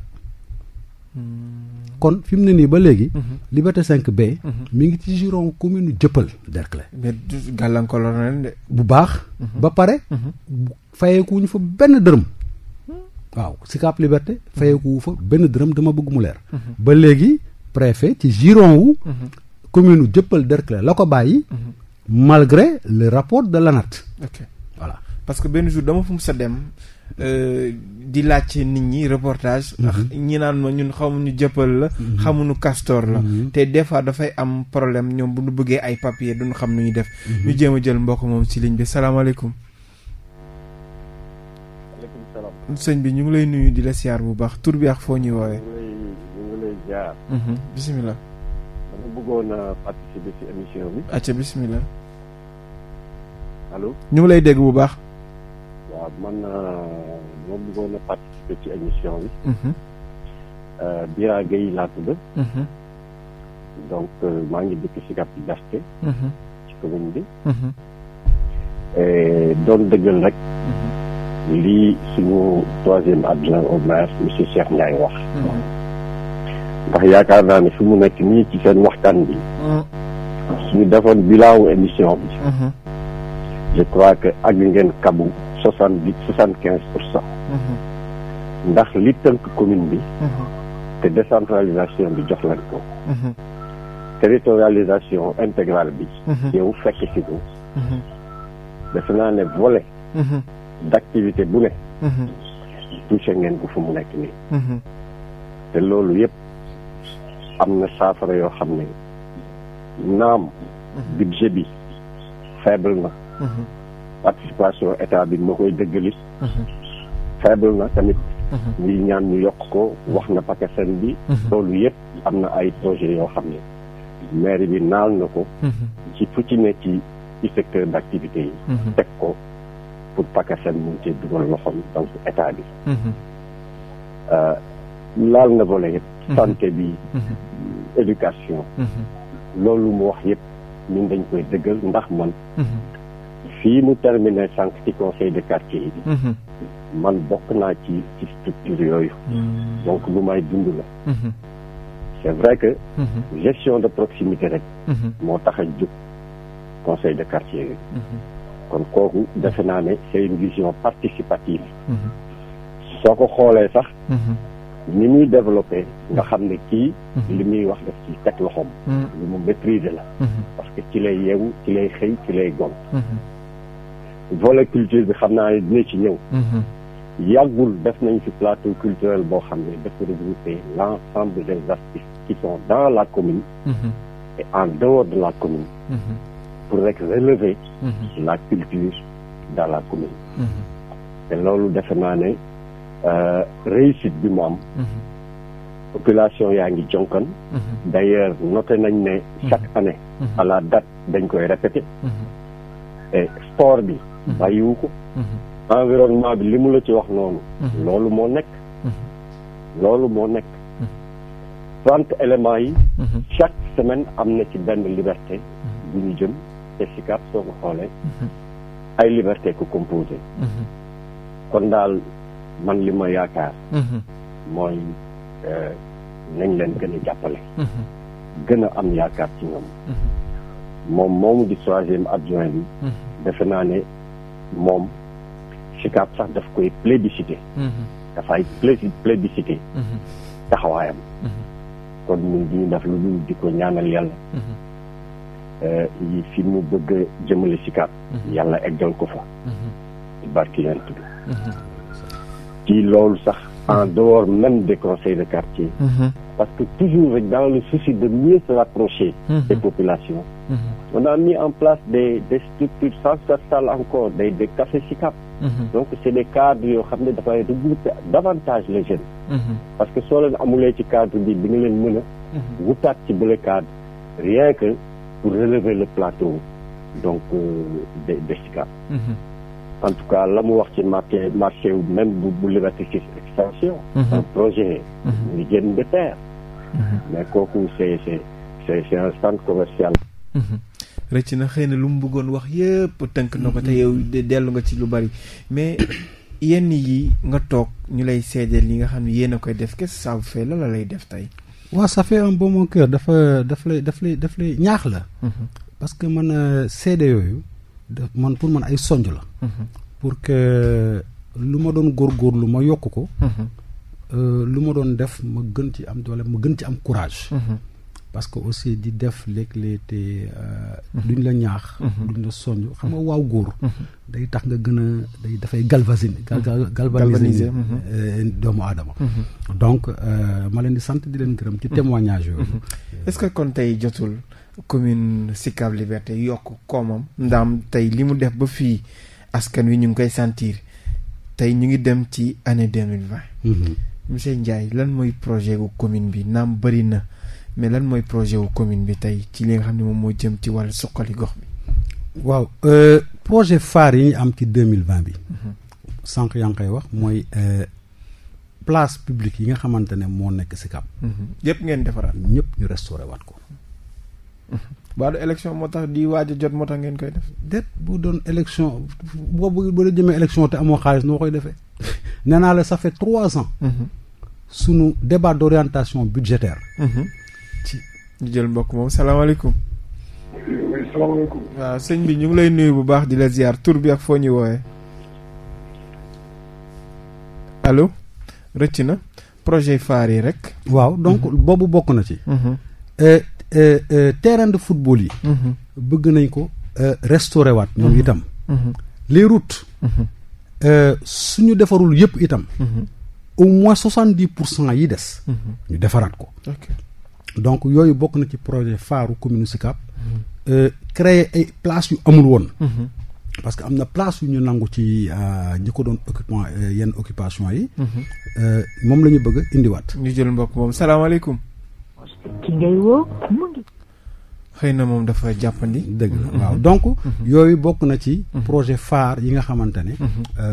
Hmm. kon fi mu nii ba léegi. Liberté 5B. mi ngi ci giron commune Dieuppeul Derklé. bu baax. ba pare fayeekuwuñ fa benn dërëm waaw Sicap Liberté fayeekuwu fa benn dërëm dama bëgg mu leer mhm. ba léegi préfet ci giron wu mhm. commune Dieuppeul Derklé la ko bàyyi mhm. malgré le rapport de l'ANAT okay. voilà parce que benn jour dama fu mu sa dem euh, di laajte nit ñi reportage. ñi naan ma ñun xamuñu jëppal la. xamuñu castor la. te des fois dafay am problème ñoom bu ñu bëggee ay papier duñu xam nu ñuy def. ñu jéem a jël mbokk moom si ligne bi salaamaaleykum. sëñ bi ñu ngi lay nuyu di la siyaar bu baax tur bi ak foo ñuy woowee. ñu ngi lay ziar. Mhm. ci émission bi. acca bisimilah. allo. ñu ngi lay dégg bu baax. waaw man euh, dama bëggoon a participer ci émission bi. Mhm. Euh, Bira mhm. euh, maa ngi dëkk Sicap Liberté. ci commune bi. doon dëggal rek. lii si troisième adjoint au maire monsieur Cheikh Ndiaye wax mm-hmm. ndax yaakaar naa ne fi mu nekk nii ci seen waxtaan bi mm-hmm. suñu defoon bilan wu émission bi mm-hmm. je crois que àgg ngeen kabu soixante dix soixante quinze pour cent ndax li tënk commune bi te décentralisation bi jox lañ ko territorialisation intégrale bi yow fekk ci ko defe naa ne volet d'activité bu ne mhm. touché ngeen ko fu mu nekk nii mhm. te loolu yëpp am na saafara yoo xam ne naam mhm. budget bi faible na participation état bi moo koy dëggali faible na tamit ñuy ñaan ñu yokk ko wax na paquet seen bi loolu yëpp am na ay projet yoo xam ne maire bi naal na ko ci fu ci ne ci secteur d'activité yi teg ko pour PACASEN mun cee dugal loxoom donc état bi. Mhm. Euh, laal nga boole yëpp. Mhm. santé bi. Mhm. éducation. loolu mu wax yëpp ñun dañ koy dëggal ndax man. fii mu terminé sànq ci conseil de quartier yi. man bokk naa ci ci structure yooyu. donc lu may dund la. c'est vrai que. gestion de proximité rek. moo tax a jóg conseil de quartier yooyu. kon kooku defe naa ne c'est une vision participative. Mhm. soo ko xoolee sax. Mhm. ni muy développé nga mhm. xam ne kii. li muy wax daf ci teg loxoom. lu mu maîtriser la. parce que ci lay yeewu ci lay xëy ci lay gont. volet culture bi xam naa ne dina ci ñëw. yàggul def nañ ci plateau culturel boo xam ne def regroupé l' ensemble des artistes qui sont dans la commune. et en dehors de la commune. pour rek relever mhm. la culture dans la commune mhm. te loolu defe naa ne euh, réussite bi mu am mhm. population yaa ngi jonkan d'ailleurs noté nañ ne chaque année à la date dañ koy répété et sport bi bàyyiwu ko environnement bi li mu la ci wax noonu loolu moo nekk loolu moo nekk trente éléments yi chaque semaine am na ci benn liberté bu ñu jëm te SICAP soo ko xoolee. Mhm. ay liberté ko composé. Mhm. kon daal man li ma yaakaar. Mhm. mooy euh, nañ leen gën a jàppale. gën a am yaakaar ci ñoom. moom moomu di troisième adjoint bi. defe naa ne moom SICAP sax daf koy plébiscité. dafay plébiscité. taxawaayam. kon ñun du ñu def lu dul di ko ñaanal yàlla. Euh, yi fi mu bëgg a jëmale Sicap mhm. yàlla eggal ko fa mhm. barki yent bi mhm. loolu sax en dehors même des conseils de quartier parce que toujours dans le souci de mieux se rapprocher des populations on a mis en place des des structures sans salle encore des des cafés donc c' est des cadres yoo xam ne dafay regrouper davantage les jeunes parce que soo leen amulee ci cadre bi di nga leen mën a ci bële cadre rien que pour relever le plateau donc des euh, d'Escale. Mm-hmm. en tout cas la mu wax ci marché marché wu même bu bu Liberté Six extension. Mm-hmm. un projet. muy mm-hmm. génn de terre. mais kooku c'est c'est un centre commercial. rëcc na xëy na lu mu bëggoon wax yëpp tënk na ko te yow dellu nga ci lu bari mais yenn yi nga toog ñu lay seedeel li nga xam ne yéen a koy def qu'est-ce que ça fait la lay def tey. waa sa fait un beau mon dafa daf lay daf lay daf lay ñaax la. Mhm. parce que man euh, seede yooyu da man pour man ay sonj la. Mhm. pour que euh, lu ma doon góor góor lu ma yokk ko. Mhm. Euh, lu ma doon def ma gën ci am doole ma gën ci am courage. parce que aussi di def léeg-léeg te euh, mhm. duñ la ñaax mhm. duñ la soññ mhm. xam nga waaw góor day tax nga gën a day dafay galvaniser galvaniser euh, doomu aadama donc euh, ma leen di sant di leen gërëm ci témoignage yooyu est-ce que kon tey jotul commune Sicap Liberté yokk koomam ndaam tey li mu def ba fii askan wi ñu ngi koy sentir tey ñu ngi dem ci année deux mille monsieur Ndiaye lan mooy projet gu commune bi naam bëri na mais lan mooy projet wu commune bi tey ci li nga xam ne moom moo jëm ci wàllu suqali gox bi. waaw euh, projet phare yi ñu am ci deux mille vingt bi. Mhm. sànq yaa ngi koy wax mooy euh, place publique yi nga xamante ne moo nekk si Sicap. Mhm. yëpp ngeen defaraat. ñëpp ñu restauré waat ko. Mhm. baadu élection moo tax di waaj a jot moo tax ngeen koy def. déet bu doon élection boobu bu la jëmee élection te amoo xaalis noo koy defee (laughs) nee naa la ça fait trois ans. sunu débat d' orientation ci ñu jël mbokk moom salaamaaleykum. salaamaaleykum. waaw sëñ bi ñu ngi lay nuyu bu baax di la ziar tur bi ak foo ñuy wooyee. allo rëcc na projet phare yi rek. waaw donc mhm. boobu bokk na ci. Mhm. Euh, euh, euh, terrain de football yi. Mhm. bëgg nañ ko restaurer waat ñoom itam. les routes. suñu defarul yëpp itam. au moins soixante dix pour cent yi des. ñu defaraat ko. donc yooyu bokk na ci projet phare commune Sicap euh, créer ay place yu amul woon parce que am na place yu ñu nangu ci euh, ñu ko doon occupant euh, yenn occupation yi moom la ñu bëgg indiwaat ñu jël mbokk moom salaamaaleykum ci xëy na moom dafa jàppandi dëgg mhm. waaw donc mhm. yooyu bokk na ci mhm. projet phare yi nga xamante ne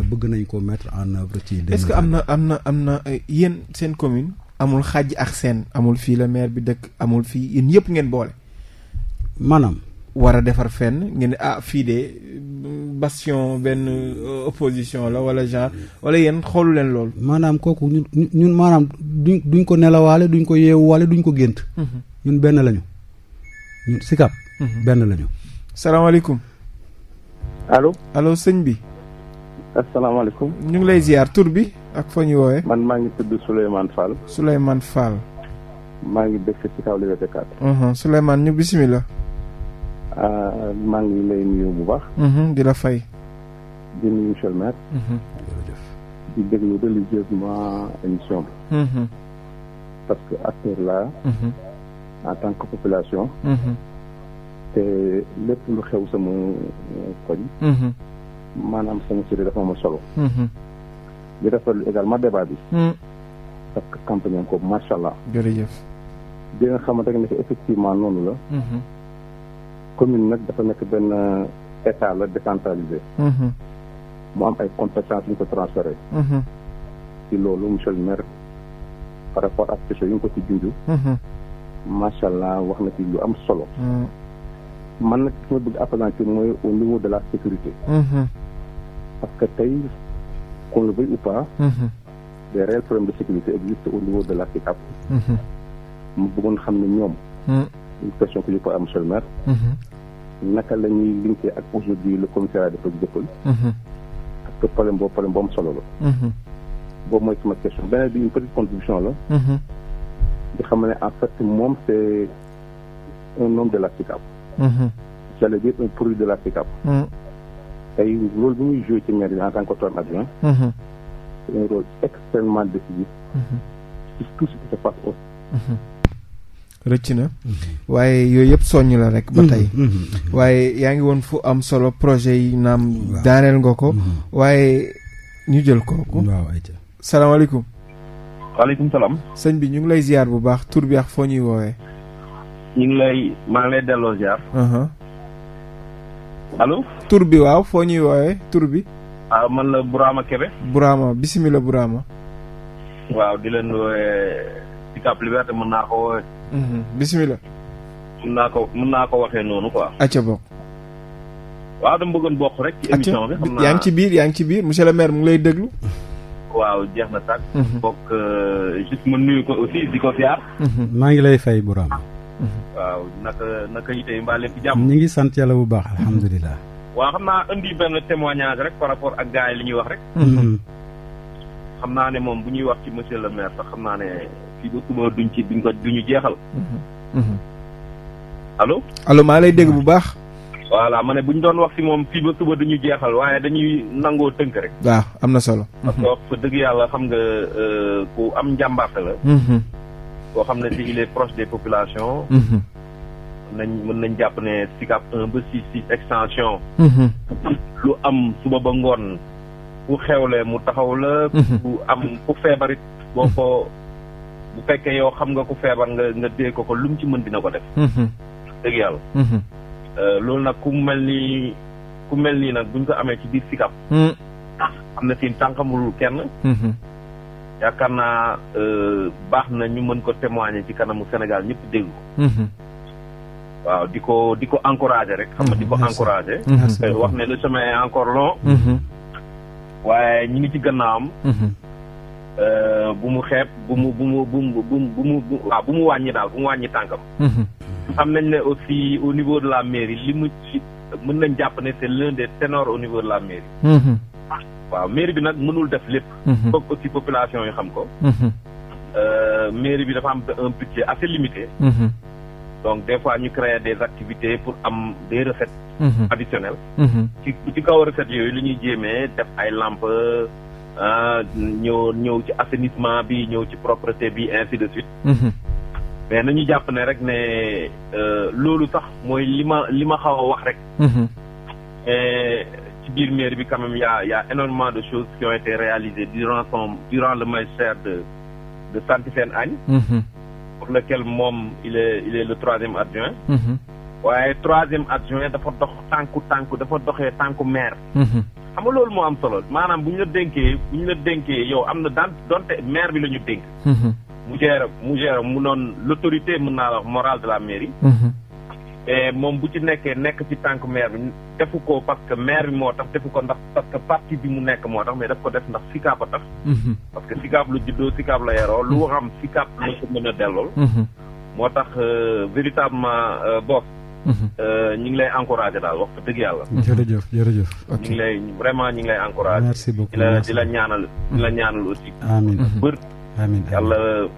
bëgg nañ ko mettre en œuvre ci est-ce am na am na am na yéen seen commune amul xaj ak seen amul fii la maire bi dëkk amul fii yéen yëpp ngeen boole. maanaam. war a defar fenn ne ah fii de bastion benn euh, opposition la wala genre wala yéen xoolu leen lool maanaam kooku ñun ñun maanaam duñ duñ ko nelawaale duñ ko yeewuwaale duñ ko gént. Mhm. ñun benn lañu ñun mhm. benn lañu. salaamaaleykum. alo alo sëñ bi. asalaamaaleykum. ñu ngi lay ziar tur bi. ak fa ñu woowe man maa ngi tudd Souleymane Fall. Souleymane Fall. maa ngi dëkk ci kaw Liberté 4. Uh-huh. Souleymane ñu bisimilah. Ah, maa ngi lay nuyu bu baax. Uh-huh, di la fay. di nuyu monsieur le uh-huh. di déglu religieusement émission parce que acteur la. en tant que population. te lépp lu xew sama koñ. maanaam sama cité dafa ma solo. di rafetlu également débat bi. Hmm. parce que campagne am ko macha allah. jërëjëf. nga xamante ne effectivement noonu la. Hmm. commune nag dafa nekk benn euh, état la décentralisé. Hmm. mu am ay compétences yu ñu ko transféré. ci loolu monsieur le maire par rapport ak question yu ñu ko ci junj. macha allah wax na ci lu am solo. man nag ki ma bëgg a mooy au de la sécurité. parce tey. qu'on le veuille ou pas, des mhm. réels problèmes de sécurité existent au niveau de la CICAP. Mhm. mu bëggoon xam ne ñoom. Mhm. une question que je peux am monsieur le maire. naka la ñuy linkee ak aujourd'hui le commissariat de police de Dieuppeul. parce que problème boobu problème boobu solo la. boobu mooy sama question beneen bi une petite contribution la. di xam ne en fait moom c' un homme de la CICAP. dire un produit de la tey loolu bu mhm. mhm. mhm. rëcc na waaye yooyu yëpp soññ la rek ba tey waaye yaa ngi woon fu am solo projet yi naam daaneel nga ko waaye ñu jël kooku waaw salaamaaleykum waaleykum salaam sëñ bi ñu ngi lay ziar bu baax tur bi ak foo ñuy woowee ñu ngi lay maa ngi lay delloo ziar uh-huh. allo. tur bi waaw foo ñuy woowee tur bi. Ah, man la Burama Kebe. Burama bisimilah Burama. waaw di leen woowee Sicap Liberté mën naa ko woowee. Mhm, bisimilah. naa ko mën naa ko waxee noonu quoi. acca bokk. waaw dama bëggoon bokk rek. ci émission yaa ngi ci biir yaa ngi ci biir monsieur le maire mu ngi lay déglu. waaw jeex na sax. Mhm. bokk euh, juste ma nuyu ko aussi di ko ziar. Mhm, maa ngi lay fay Burama. Mm-hmm. waaw naka naka yi tey mbaa leen ci jàmm. ñu ngi sant la bu baax alhamdulilah. Mm-hmm. waaw xam naa indi benn témoignage rek par rapport ak gars yi li ñuy wax rek. Mm-hmm. xam naa ne moom bu ñuy wax ci monsieur le maire tax xam naa ne fii ba suba duñ ci duñ ko duñu jeexal. allo. allo maa lay dégg bu baax. voilà ma ne bu ñu doon wax si moom fii ba suba duñu jeexal waaye dañuy nangoo tënk rek. waa ah, am na solo. parce que dëgg yàlla xam nga euh, ku am njàmbaarte la. boo xam ne si il est proche des populations. Mhm. nañ mën nañ jàpp ne SICAP 1 ba 6 6 extension. Mhm. lu am suba ba ngoon ku xewle mu taxaw la. ku mhm. am ku feebarit boo ko bu fekkee yow xam nga ku feebar nga nga ko ko lu mu ci mën dina ko def. dëgg yàlla. Euh, loolu nag ku mel ni ku mel nii nag buñ ko amee ci biir SICAP. Mm. am na si tànkamul kenn. yaakaar naa euh, baax na ñu mën ko témoigner ci kanamu Sénégal ñëpp dégg ko. Mhm. waaw di ko di ko encourager rek. xam nga di ko mhm, encourager. Mhm, euh, wax ne le chemin encore long. waaye ñu ngi ci gannaawam. Euh, bu mu xeeb bu mu bu mu bu mu bu mu waaw bu mu wàññi daal bu mu wàññi tànkam. am nañ ne aussi au niveau de la mairie li mu ci mën nañ jàpp ne c'est l'un des ténors au niveau de la mairie. Ah, waaw mairie bi nag mënul def lépp. Mhm. foog ci population yi xam ko. Mhm. Euh, mairie bi dafa am un budget assez limité. Mhm. donc des fois ñu créer des activités pour am des recettes. additionnelles. ci ci kaw recettes yooyu li ñuy jéemee def ay lampe ah, ñëw ñëw ci assainissement bi ñëw ci propreté bi ainsi de suite. mais nañu jàpp ne rek ne euh, loolu sax mooy li ma li ma xaw a wax rek. ci biir mairie bi quand même y a de choses qui ont été réalisées durant son durant le magistère de de Santi Sène Agne mhm. pour lequel moom il est il est le troisième adjoint mhm. waaye troisième adjoint dafa dox tànku tànku dafa doxe tànku maire mhm. xam nga loolu moo am solo maanaam bu ñu la dénkee bu ñu la dénkee yow am na daan donte maire bi la ñu dénk mu gère mu gère mu noon l' autorité mën naa la wax morale de la mairie Eh, moom bu ci nekkee nekk ci tànk maire bi defu ko parce que maire bi moo tax defu ko ndax parce que parti bi mu nekk moo tax mais daf ko def ndax Sicap a tax. Mhm. parce que Sicap la juddoo Sicap la yaroo lu xam Sicap la ko mën a dellool. Mhm. moo tax euh, véritablement euh, boss. Mhm. Euh, ñu ngi lay encouragé daal wax dëgg yàlla. jërëjëf jërëjëf. ñu ngi lay vraiment ñu ngi lay encouragé. merci beaucoup di la di la ñaanal di la ñaanal aussi. amiin bër. amiin yàlla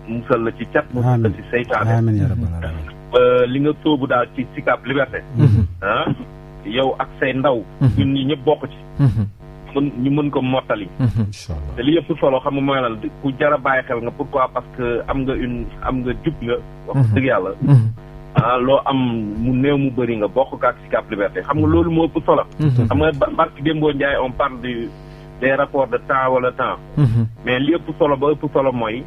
musal la ci cat. amiin musal la ci seytaane. Euh, li nga sóobu daal ci Sicap Liberté. Mhm. ah yow ak say ndaw. Mhm. ñun ñi ñëpp bokk ci. Mhm. mën ñu mën ko mottali. incha allah te li yëpp solo xam nga mooy lan ku jar a bàyyi xel nga pourquoi parce que am nga une am nga jub nga. wax dëgg yàlla. ah loo am mu néew mu bëri nga bokk ko ak Sicap Liberté xam nga loolu moo ëpp solo. xam nga barki Dembo Ndiaye on parle du des rapports de temps wala temps. mais li ëpp solo ba ëpp solo mooy.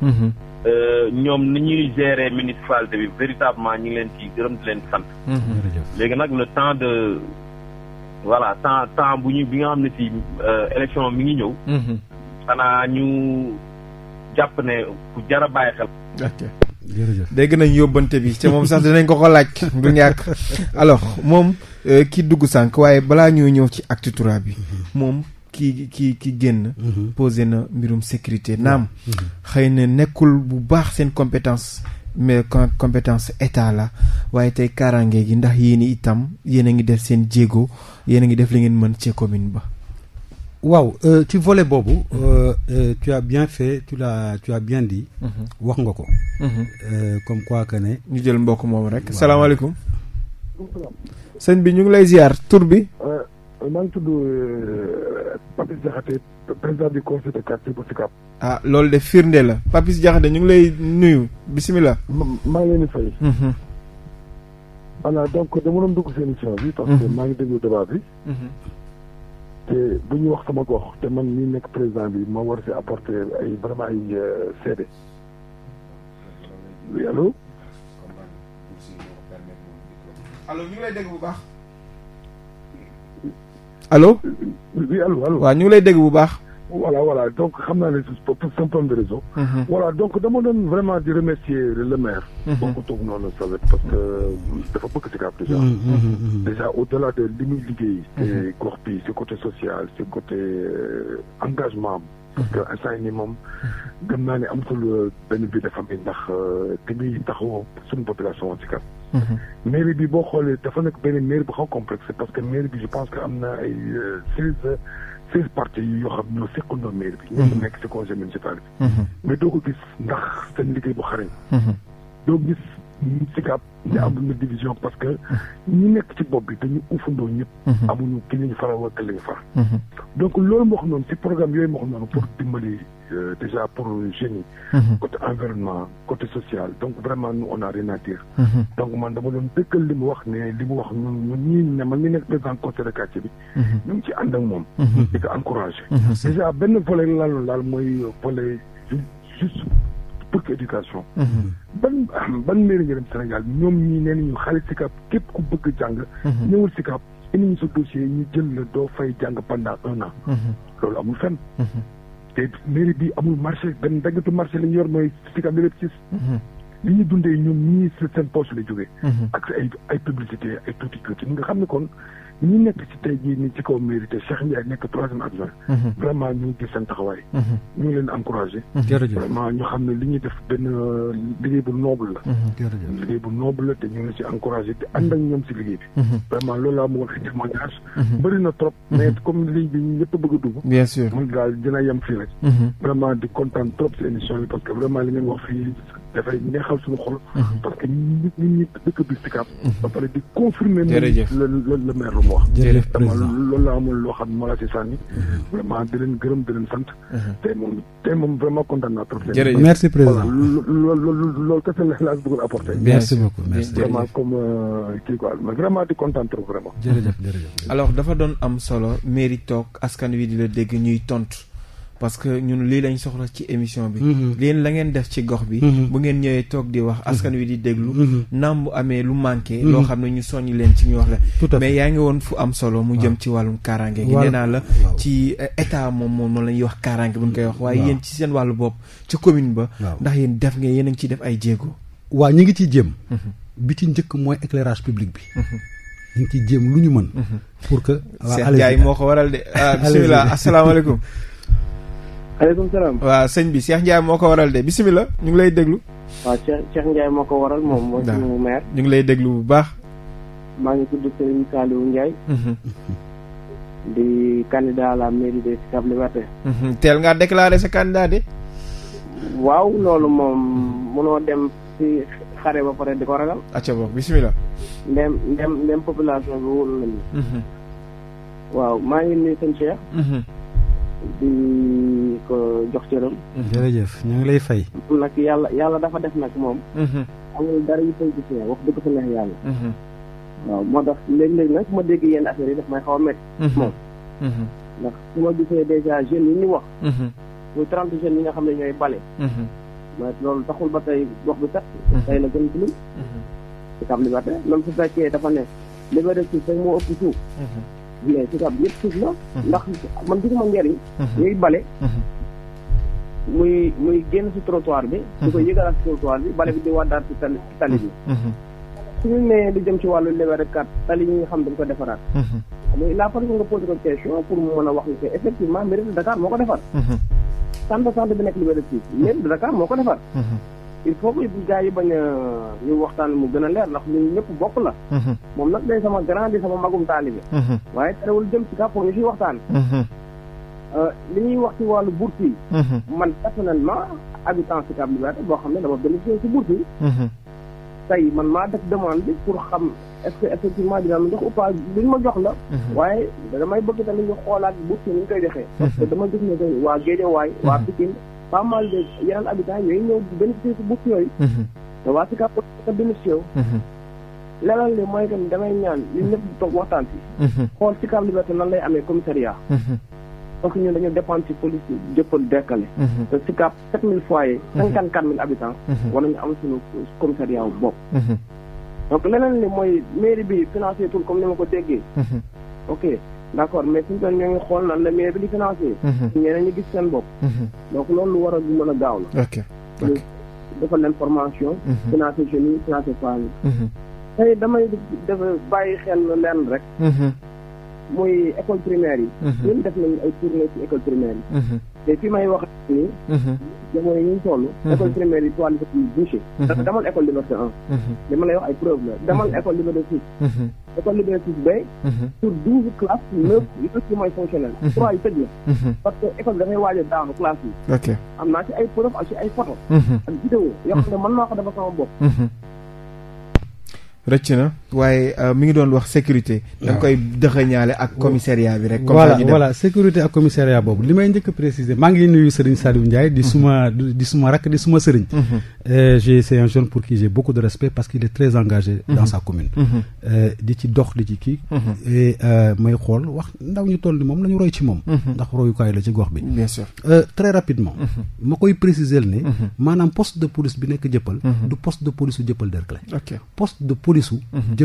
Euh, ñoom ni ñuy gérer municipalité bi véritablement ñu ngi leen ci gërëm di leen sant. Mm-hmm. léegi nag le temps de voilà temps temps bu ñu bi nga xam ne ci euh, élection mi ngi ñëw. Mm-hmm. xanaa ñu jàpp ne ku jar a bàyyi xel. jërëjëf dégg nañ yóbbante bi te moom sax dinañ ko ko laaj du ñàkk (laughs) alors moom euh, kii dugg sànq waaye balaa ñuy ñëw ci acte bi mm-hmm. moom. ki ki ki génn mhm. posé na mbirum sécurité naam mhm. xëy na nekkul bu baax seen compétence mais compétence état la waaye tey kaaraange gi ndax yéen itam yéen a ngi def seen jéego yéen a ngi def li ngeen mën ci commune ba waaw euh, ci volet boobu euh, euh, tu as bien fait tu l'as tu as mhm. wax nga ko comme quoi que ne ñu jël mbokk moom rek salaamaaleykum sëñ bi ñu ngi lay ziar tur bi maa ngi tudd euh, Papis Diakhaté président du conseil de quartier bu Sicap. ah loolu de firnde la Papis Diakhaté ñu ngi lay nuyu bisimilah. maa ngi leen di fay. Mhm. voilà donc dama doon dugg seen émission bi. parce que mhm. maa ngi déglu débat bi. Mhm. te bu ñu wax sama gox te man mii nekk président bi ma war si apporter ay vraiment ay euh, seede. oui allo. ñu ngi lay dégg bu baax. allo. oui allo allo. waaw ñu ngi lay dégg bu baax. voilà voilà donc xam naa ne pour un problème de réseau. voilà donc dama doon vraiment di remercier le maire. Mm-hmm. boo ko toog noonu Salette parce que euh, dafa bëgg Sicap déjà. Mm-hmm. Mm-hmm. déjà au delà de li muy liggéey. te gox bi si côté social si côté euh, engagement am. parce que instant yii nii moom gëm naa ne amatul benn vie de famille ndax euh, te muy taxaw suñu population Sicap. Mm-hmm. mairie bi boo xoolee dafa nekk benn mairie bu xaw complexe parce que mairie bi je pense que am na ay euh, seize seize parties xam ñoo seqandoo mairie bi. Mm-hmm. ñoo nekk ci conseil municipal bi. Mm-hmm. mais ko gis ndax seen liggéey bu xarañ. doo gis. ñi sikap ñu am na division parce que ñi nekk ci bopp bi dañu ufandoo ñëpp mhm. amuñu ki lañu faral wala ki lañu far mhm. donc loolu moo xam noonu ci programme yooyu moo xam noonu pour dimbali euh, déjà pour jeunes yi mhm. environnement côté social donc vraiment nous on a rien à man dama doon dëkkal li wax ne li wax ñun ñun ñii ne man mi nekk président conseil bi ñu ngi ci ànd ak moom déjà benn volet laal mooy volet juste pour éducation. Mhm. ban (clears throat) ban mairie nga dem Sénégal ñoom ñii nee nañu xale Sicap képp ku bëgg jàng. Mhm. ñëwul Sicap indi sa dossier ñu jël la doo fay jàng pendant un an. Mhm. loolu amul fenn. te mairie bi amul marché benn daggatu marché la ñu yor mooy Sicap Liberté six. li ñu dundee ñoom ñii seen poche la jógee. ak ay ay publicité ay tuuti tuuti nga xam ne kon. ñi nekk ci tey jii nii ci kaw mérité Cheikh Ndiaye nekk troisième adjoint mhm. vraiment ñu ngi gis seen taxawaay mhm. ñu ngi leen encouragé mhm. vraiment ñu xam ne li ñuy def benn liggéey bu noble la liggéey bu noble la te ñu ngi ci encouragé te ànd ak ñoom ci liggéey bi vraiment loolu laa bëggoon ay témoignage bëri trop mais comme lii bi ñëpp bëgg a bien sûr dafay neexal suñu xol. Mhm. parce que nit ñi dëkk bi Sicap. Mhm. ba pare di confirmer. jërëjëf la la maire lu mu wax. jërëjëf président loolu la amul loo xam ne moo la si sànni. Mhm. di leen gërëm di leen sant. tey moom tey moom vraiment kontaan naa trop. jërëjëf merci président voilà loolu loolu loolu kese la laa bëggoon apporté. merci beaucoup euh, di kontaan trop vraiment. jërëjëf jërëjëf. alors dafa doon am solo mairie toog askan wi di la dégg ñuy tontu. parce que ñun lii lañ soxla ci émission bi. Mm-hmm. lii la ngeen def ci gox bi. Mm-hmm. bu ngeen ñëwee toog di wax askan wi di déglu. Mm-hmm. naam bu amee lu manqué. loo xam ne ñu soññ leen ci ñu wax la. mais yaa ngi woon fu am solo mu jëm ci wàllum kaaraange gi. nee naa la ci eh, état moom moom la ñuy wax kaaraange bu ñu koy wax. waaye yéen ci seen wàllu bopp ci commune ba. ndax yéen def nga yéen a ngi ciy def ay jéego. waaw ñu ngi ciy jéem. bi ci njëkk mooy éclairage public bi. ñu ngi ciy jéem lu ñu mën. pour que. waa Seex moo ko waral de. Ah, (laughs) bismillah (laughs) aleykum salaam. waaw sëñ bi Cheikh Ndiaye moo ko waral de bisimilah ñu ngi lay déglu. waaw Cheikh Cheikh Ndiaye moo ko waral moom mooy bu maire. ñu ngi lay déglu bu baax. maa ngi tudd Serigne Saliou Ndiaye. Mhm. di candidat la mairie de Sicap Liberté. Mhm. teel ngaa déclaré sa candidat de. waaw loolu moom munoo dem ci xare ba pare di ko ragal. acca boobu bisimilah. ndem ndem ndem population bi wóolu nañu. Mhm. waaw maa ngi nuyu sëñ Cheikh. di ko jox cëram. jërëjëf ñu ngi lay fay. nag yàlla yàlla dafa def nag moom. Mhm. amul dara yu koy gisee wax dëgg fa neex yàlla. Mhm. waaw moo tax léeg-léeg nag ma dégg yenn affaire yi daf may xaw a métti. Mhm. moom ndax su ma gisee dèjà jeunes yi ñu wax. muy trente jeunes yi nga xam ne ñooy bale. mais loolu taxul ba tey gox bi kat. tey la gën ci ñun. ci loolu su fekkee dafa ne liberté suuf rek moo ëpp suuf. mais xisaab bi yëpp suuf la. Mhm. ndax man gisuma njëriñ. ñuy mhm. bale. Mhm. muy muy génn si trottoir bi. di ko yëgalaat si trottoir bi bale bi di wàddaat si tali bi. su ñu nee di jëm ci wàllu level 4 tali ñi nga xam dañ ko defaraat. mais il a fallu nga posé ko question pour mu mën a wax ni que effectivement mairie de Dakar moo ko defar. centre centre bi nekk Liberté 6 mairie de Dakar moo ko defar. il faut que gars yi a ñu waxtaan mu gën a leer ndax ñun ñëpp bokk la. Mhm. moom nag day sama grand di sama magum taalibe. Mhm. waaye terewul jëm ci kàpp ñu ciy waxtaan. Mhm. Euh, li ñuy wax ci wàllu bourse man personnellement habitant si Cap Liberté boo xam ne dama bénéficié si bourse yi. tey man maa def demande bi pour xam est-ce que effectivement dina ma jox ou pas li ñu ma jox la. waaye damay bëgg tamit ñu xoolaat bourse yi ni ñu koy joxee. parce que dama gis ne waa Guédiawaye pas mal de yeneen habitants yooyu ñëw bénéficié si bourse yooyu mhm. te waa Sicap a bénéficié wu mhm. leneen li mooy que damay ñaan ñun ñëpp di toog waxtaan si mhm. xool Sicap Liberté nan lay amee commissariat parce que ñun dañoo police jëppal dekkale te Sicap sept mille foyers cinquante quatre mille habitants war nañu am suñu commissariat bopp donc leneen li mooy mairie bi financé tout comme ni ma ko déggee ok d' accord mais suñu toll ñoo ngi xool nan la mais bi di financé. Mhm. ñeneen ñi gis seen bopp. Mhm. donc loolu lu war a mën a gaaw la. ok defal leen formation. Mhm. financé jeunes yi financé femmes yi. tey damay def bàyyi xel leen rek. mooy école primaire yi. ñun def nañu ay tournée ci école primaire yi. te fi may wax nii. Mhm. jamono yi ñu toll. Mhm. école primaire yi toile bi ñu bouché. demal école liberté 1. Mhm. dama lay wax ay preuve la demal école liberté 6. école liberté 6 bay. sur douze classes neuf neuf yi mooy fonctionnel. trois yi tëj la. parce que école dafay waaj a daanu classe yi. ok am naa ci ay preuve ak ci ay photo. ak vidéo yoo xam ne mën naa ko defal sama bopp. rëcc na. waaye euh, mi ngi doon wax sécurité. da ah. koy dëxëñaale ak oh. commissariat bi rek. comme voilà sécurité ak commissariat boobu li may njëkk a préciser maa ngi nuyu Serigne Saliou Ndiaye. di mhm. suma di suma rakk di suma Serigne. Mhm. Euh, j'ai c'est un jeune pour qui j'ai beaucoup de respect parce qu'il est très engagé. Mhm. dans sa commune. Euh, di ci dox di ci kii. et may xool wax ndaw ñu toll ni moom nañu roy ci moom. ndax royukaay la ci gox bi. très rapidement. ma koy préciser ne. maanaam poste de police bi nekk jëppal. du poste de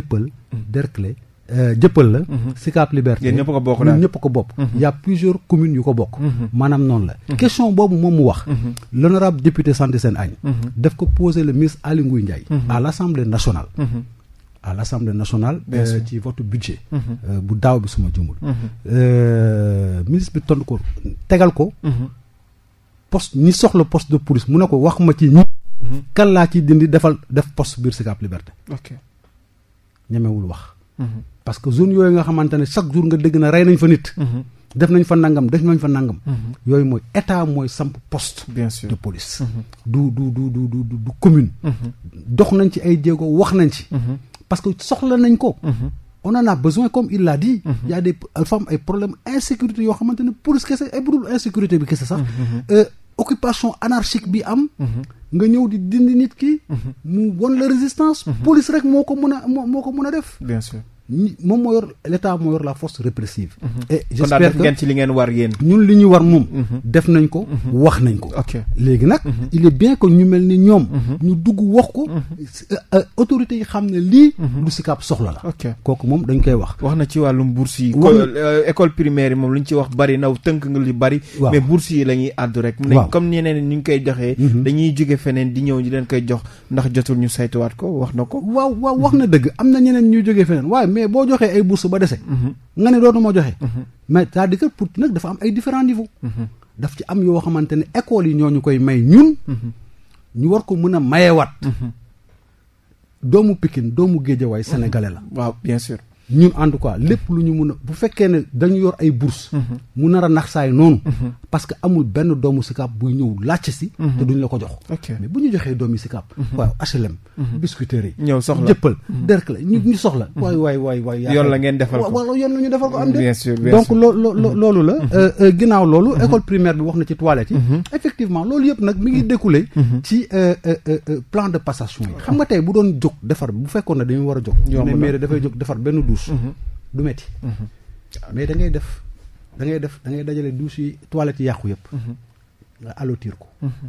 jëppal mhm. Derklé euh, jëppal la mhm. Sicap Liberté ñëpp ko bokk ñun ñëpp ko bokk mhm. y a plusieurs communes yu ko bokk maanaam noonu la question boobu moom mu wax l'honorable député Santé Sène Agne daf ko poser le ministre Aly Ngouille Ndiaye à l'Assemblée nationale à l'Assemblée nationale euh, ci vote budget euh, bu daaw bi suma jumul ministre bi tontu ko tegal ko poste ñi soxla poste de police mu ne ko wax ma ci ñi kan laa ciy dindi defal def poste biir Sicap Liberté ñemewul wax. Mhm. parce que zone yooyu nga xamante ne chaque jour nga dégg na rey nañ fa nit. Mhm. def nañ fa nangam def nañ fa nangam. Mhm. yooyu mooy état mooy samp poste. bien sûr de police. du du du du du du commune. dox nañ ci ay jéego wax nañ ci. parce soxla nañ ko. on en a besoin comme il l'a dit. y a des am euh, ay problème insécurité yoo xamante police kese ay insécurité bi kese sax. Euh, occupation anarchique bi am. nga ñëw di dindi nit ki. Mhm. won la résistance. Mhm. police rek moo ko mën a moo ko mën a def. bien ni moom moo yor l' état moo yor la force répressive. Mhm. et j' espère ngeen ci li ngeen war yéen. ñun li ñu war moom. Mhm. def nañ ko mhm. wax nañ ko. léegi nag il est bien que ñu mel ni ñoom. ñu dugg wax ko. Euh, euh, autorités yi xam ne lii. lu SICAP soxla la. kooku moom dañ koy wax. wax na ci wàllum bourse yi. Euh, école primaire yi moom lu ñu ci wax bari naw tënk nga lu bari. mais bourse yi la ñuy àddu rek. comme ñeneen ñu ngi koy joxee. dañuy jóge feneen di ñëw ñu leen koy jox ndax jotul ñu saytuwaat ko wax dëgg am na ñeneen ñuy jógee feneen waaye mais boo joxee ay bourse ba dese mhm. nga ne dootuma joxe mhm. mais c'est-à-dire que pour nag dafa am ay différents niveaux mhm. daf ci am yoo xamante ne écoles yi ñoo ñu koy may ñun ñu war ko mën a mayewaat doomu Pikine doomu Géejawaay sénégalais la waaw bien sûr ñun en tout cas lépp lu ñu mun a bu fekkee ne dañu yor ay bourse mu nar a nax saay noonu parce que amul benn doomu Sicap buy ñëw laajte si. Mhm. te duñ la ko jox. mais bu ñu joxee doomu Sicap. Mhm. waaw HLM. Mhm. biscuiterie yi. ñëw soxla jëppal derk la ñu waay waay waay waay. yoon la ngeen defal ko wala yoon la ñu defal ko am de. bien sûr bien sûr donc loo loo loolu la. Euh, euh, ginnaaw loolu. école primaire bi wax na ci toilette yi. effectivement loolu yëpp nag mi ngi découlé. ci euh, plan de passation yi. xam nga tey bu doon jóg defar bu fekkoon ne dañu war a jóg. yomb na mais mairie dafay jóg defar benn douche. du métti. mais da ngay def. da ngay def da ngay dajale douche yi toilettes yi yàqu yëpp. Mhm. nga allotir ko. Mhm.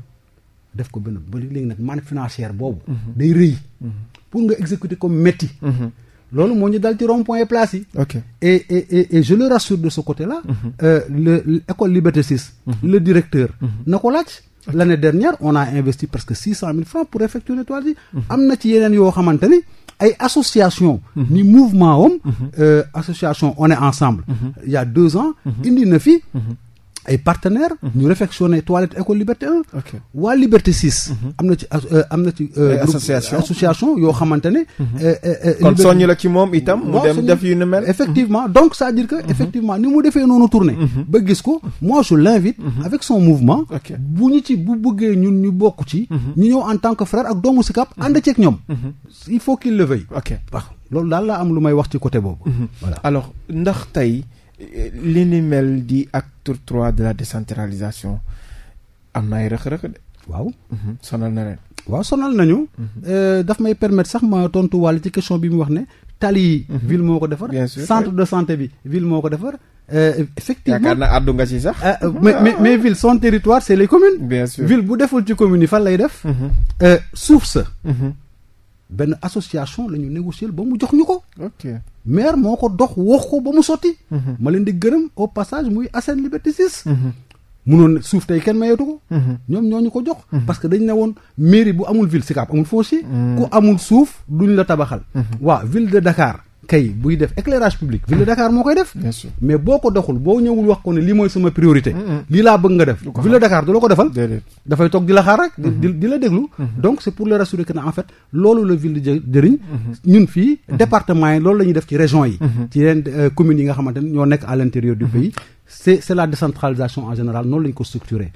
def ko benn ba léegi nag manne financière boobu. Mhm. day rëy. pour nga exécuter comme métti. loolu moo ñu dal ci rond point place yi. et et de ce côté là. Euh, le école Liberté 6. le directeur. na ko laaj. l'année dernière on a investi presque six cent mille francs pour effectuer les toilettes yi. am na ci yeneen yoo xamante ni. ay association mhm. ni mouvement wam mhm. euh, association on est ensemble mhm. il y a deux ans indi na fi ay partenaires. Mhm. ñu réfectionné toilette école Liberté 1. waa Liberté mhm. am na ci euh, am na ci. Euh, association association yoo xamante ne. Mhm. Euh, kon soññ la ci moom itam. mu dem def yu ni mel. effectivement donc c'est-à-dire que effectivement ni mu defee noonu tournée. ba gis ko moi je l'invite. avec son mouvement. bu ñu ci bu bëggee ñun ñu bokk ci. ñu ñëw en tant que frère ak doomu Sicap ànd ceeg ñoom. il faut qu'il le veuille. ok loolu daal laa am lu may wax ci côté boobu. voilà ndax tey. li ni mel di acte trois de la décentralisation am na ay rëq-rëq de. waaw. Mhm. sonal na leen. waaw sonal nañu. Mhm. Euh, daf may permettre sax ma tontu wàll ci question bi mu wax ne. tali yi. Mhm. ville moo ko defar. centre de santé bi ville moo ko defar. Euh, effectivement yaakaar naa àddu nga ci sax. Euh, mais mais mais ville son territoire c'est les communes. bien sûr ville bu deful ci commune yi fa lay def. suuf sa. benn association lañu ñu négocier ba mu jox ñu ko. maire moo ko dox wox ko ba mu sotti. Mhm. ma leen di gërëm au passage muy Assane Liberté 6. Mhm. munoon suuf tey kenn mayeetu ko. Mhm. ñoom ñoo ñu ko jox. parce que dañ ne woon mairie bu amul ville Sicap amul foncier. ku amul suuf duñ la tabaxal. waa ville de Dakar. kay buy def éclairage public. ville de Dakar moo koy def. mais boo ko doxul boo ñëwul wax ko ne lii mooy sama priorité. lii laa bëgg nga def. ville de du la ko defal. dafay toog di la xaar rek. di mm-hmm. di la déglu. Mm-hmm. donc c' pour le rassurer que ne en loolu la ville jëriñ. Mm-hmm. ñun fii département yi loolu la def ci région yi. ci yeneen euh, communes yi nga xamante ne ñoo nekk à l' intérieur du pays. c' la décentralisation en général noonu la ko structuré.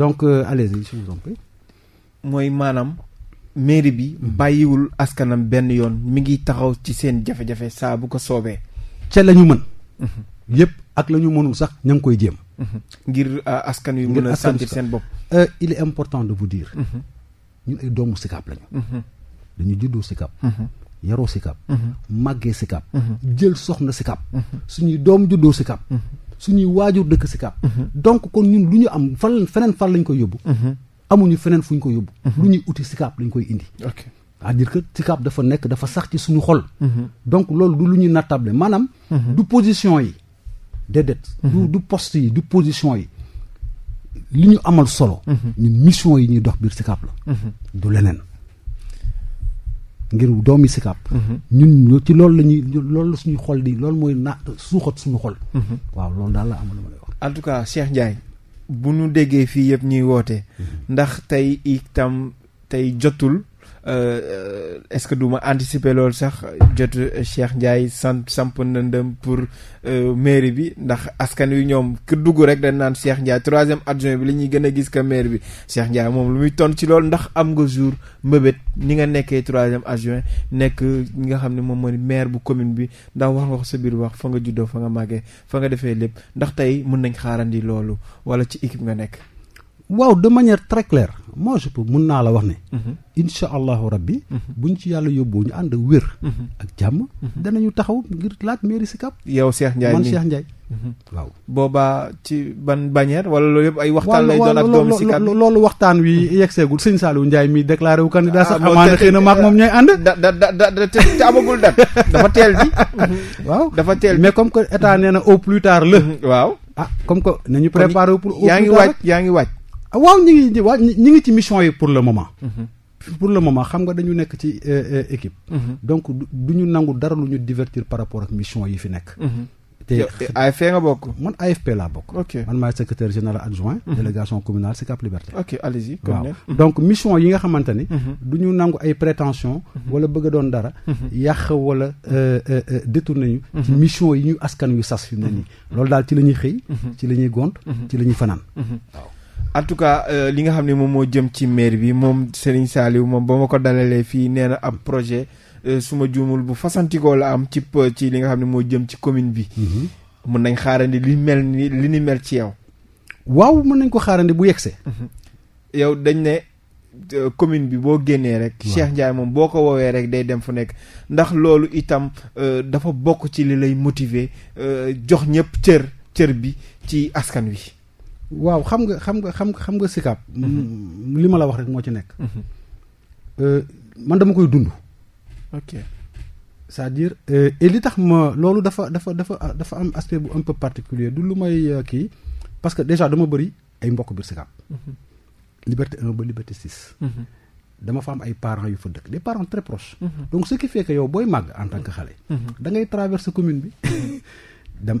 donc euh, allez-y je mairie bi mhm. bàyyiwul askanam benn yoon mi ngi taxaw ci seen jafe-jafe saa bu ko soobee ca la ñu mën mhm. yëpp ak lañu ñu mënul sax ña ngi koy jéem mhm. euh, ngir askan yu mën a sentir seen bopp euh, il est important de vous dire ñun ay doomu Sicap lañu dañu juddoo Sicap yaroo Sicap màggee Sicap jël soxna Sicap suñuy doom juddoo Sicap suñuy waajur dëkk Sicap donc kon ñun lu ñu am fan feneen fan lañ koy yóbbu amuñu feneen fu ñu ko yóbbu. Mhm. lu ñuy uti Sicap lañ koy indi. ok c'est-à-dire que Sicap dafa nekk dafa sax ci suñu xol. Mhm. donc loolu du lu ñuy nattable maanaam. Mhm. du position yi déedéet. du du poste yi du position yi. li ñu amal solo. ñun mission yi ñuy dox biir Sicap la. du leneen ngir doomi Sicap. ñun ci loolu la ñuy loolu la suñu xol di loolu mooy na suuxat suñu xol. waaw loolu daal la am ma lay wax. en tout cas Cheikh Ndiaye. bu nu déggee fii yëpp ñuy woote. Mm-hmm. ndax tey itam tey jotul Euh, euh, est-ce que du duma anticiper loolu sax jot Cheikh Ndiaye sant samp na ndëm pour euh, mairie bi ndax askan wi ñoom ki dugg rek dañ naan Cheikh Ndiaye troisième adjoint bi la ñuy gën a gis que maire bi Cheikh Ndiaye moom lu muy ton ci loolu ndax am nga jour mbëbët ni nga nekkee troisième adjoint nekk ñi nga xam ne moom mooy maire bu commune bi ndax wax ko sa biir wax fa nga juddoo fa nga màggee fa nga defee lépp ndax tey mën nañ xaarandi loolu wala ci équipe nga nekk. waaw de moo je peux mun naa la wax ne. Mhm. incha allahu rabbi. Mhm. buñ ci yàlla yóbboo ñu ànd wér. Mhm. ak jàmm. ñu taxaw ngir laaj mairie Sicap. yow seex Ndiaye man Cheikh waaw boobaa ci ban bannière wala loolu yëpp ay waxtaan lay doon ak doomu Sicap loolu waxtaan wi yegseegul sëñ Saliou Ndiaye mi déclaré wu candidat sax ah, amaana xëy na maak moom ñooy ànd da da da da te amagul dat dafa teel bi (laughs) waaw dafa teel mais comme que état nee na au plus tard la waaw ah comme que nañu préparé wu pour yaa ngi waaj Ah, waaw ñu ngi waaw ñu ngi ci mission yi pour le moment. Mhm. pour le moment xam nga dañu nekk ci eh, eh, équipe. Mhm. donc du ñu nangu dara lu ñu divertir par rapport ak mission yi fi nekk. Mhm. te AFP nga bokk. man AFP laa bokk. ok man maay secrétaire général adjoint. délégation communale Sicap Liberté. donc mission yi nga xamante ni. du ñu nangu ay prétention wala bëgg a doon dara. yàq wala eh, détourné ñu. ci mission yi ñu askan wi sas fi mu nii. loolu daal ci la ñuy xëy. ci la ñuy gont. ci la ñuy fanaan en tout cas euh, li nga xam ne moom moo jëm ci maire bi moom Serigne Saliou moom ba ma ko dalalee fii nee na ab projet euh, su ma juumul bu fasantikoo la am ci ci li nga xam ne moo jëm ci commune bi. Mhm. mën nañ xaarandi li mel ni li mel ci yow. waaw mën nañ ko xaarandi bu yegsee. Mhm. yow dañ ne euh, commune bi boo génnee rek. Cheikh Ndiaye moom boo ko woowee rek day dem fu nekk ndax loolu itam dafa bokk ci li lay motiver jox ñëpp cër cër bi ci askan wi. waaw xam nga xam nga xam nga xam nga sikap mm-hmm. li ma la wax rek moo ci nekk mm-hmm. euh, man dama koy dund ok cest dire euh, li tax ma loolu dafa dafa dafa dafa am aspect bu un peu particulier du lu may euh, kii parce que déjà dama bëri ay mbokk biir Sicap mm -hmm. liberté 1 ba liberté 6 mm-hmm. dama fa am ay parents yu fa dëkk des parents très proches donc ce qui fait booy màgg en tant que xale da ngay traverser commune bi (laughs) dem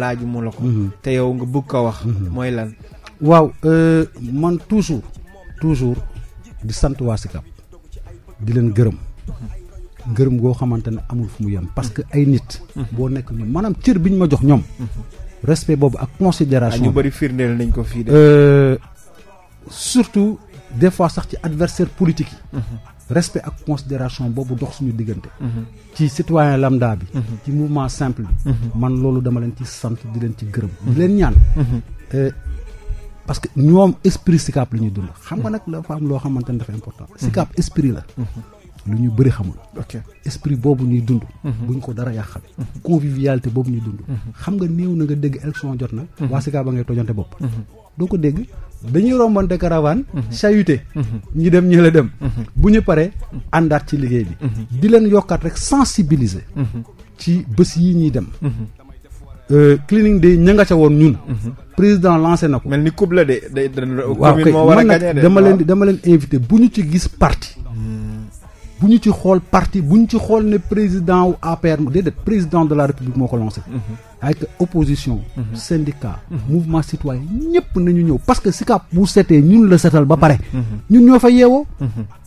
laaju mu la ko mhm. te yow nga bugg ko wax mhm. mooy lan waaw euh, man toujours toujours di sant waa Sicap di leen gërëm mhm. gërëm goo xamante ne amul fu mu yem parce que ay nit boo nekk ñoom maanaam cër bi ñu ma jox ñoom respect boobu ak considération ah, ñu bëri firndeel nañ ko fii de euh, surtout des fois sax ci adversaire politique yi respect ak considération boobu dox suñu diggante. Mhm. ci citoyen lambda bi. Mhm. ci mouvement simple bi. Mhm. man loolu dama leen ci sant di leen ci gërëm. di leen ñaan. parce que ñoom esprit SICAP la ñuy dund. xam nga nag dafa am loo xamante ne dafa important. SICAP esprit la. lu ñu bëri xamul. esprit boobu ñuy dund. buñ ko dara yàqal. convivialité boobu ñuy dund. xam nga néew na nga dégg élection jot na. waa SICAP ba ngay tojante bopp. doo ko dégg dañuy rombante caravane mhm. chahuté mhm. ñi dem ñi la dem mhm. bu ñu paree àndaat ci liggéey bi di leen yokkat rek sensibiliser ci bës yi ñuy dem euh, cleaning day ña nga ca woon ñun président lancé na ko mel ni couple de waaw kay man nag dama leen dama leen invité bu ñu ci gis parti hmm. bu ñu ci xool parti bu ñu ci xool ne président wu de de président de la république moo ko lancé avec opposition mhm. syndicat mhm. mouvement citoyen ñëpp nañu ñëw parce que SICAP bu setee ñun la setal ba pare mhm. ñun ñoo fa yeewoo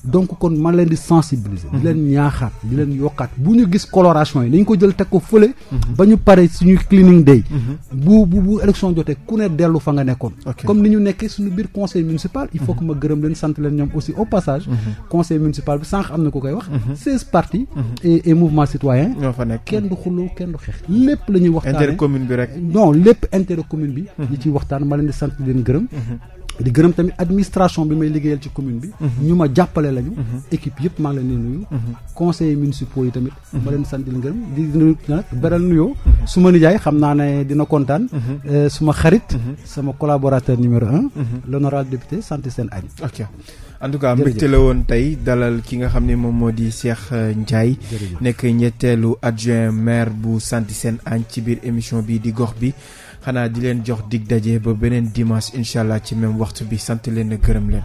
donc kon man leen di sensibiliser. di leen ñaaxaat di leen yokkaat bu ñu gis coloration yi dañ ko jël teg ko fële. Mhm. ba ñu pare suñu cleaning day. Mhm. bu bu bu élection jotee ku ne dellu fa nga nekkoon. comme ni ñu nekkee suñu biir conseil municipal. il faut mhm. que ma gërëm leen sant leen ñoom aussi au passage. conseil municipal bi sànq am na ko koy wax. seize partis. et mouvement citoyen. ñoo fa nekk kenn du xuloo kenn du xeex lépp la ñuy waxtaanee. intercommune bi rek. non lépp intercommune bi. ñi ciy waxtaan ma leen di leen gërëm. di gërëm tamit administration bi may liggéeyal ci commune bi. Mhm. ñu ma jàppale lañu. Mhm. équipe yëpp maa ngi leen di nuyu. Mhm. conseillers municipaux yi tamit. ma leen sant lu leen gërëm di nuyu nag beral nuyoo. su ma nijaay xam naa ne dina kontaan. Euh, suma xarit. sama collaborateur numéro un. l'honorable député sant seen añ. ok en tout cas mbégte la woon tey dalal ki nga xam ne moom moo di Cheikh euh, Ndiaye. nekk ñetteelu adjoint maire bu santi seen añ ci biir émission bi di gox bi. xanaa di leen jox dig daje ba beneen dimanche incha allah ci même waxtu bi sant leen gërëm leen.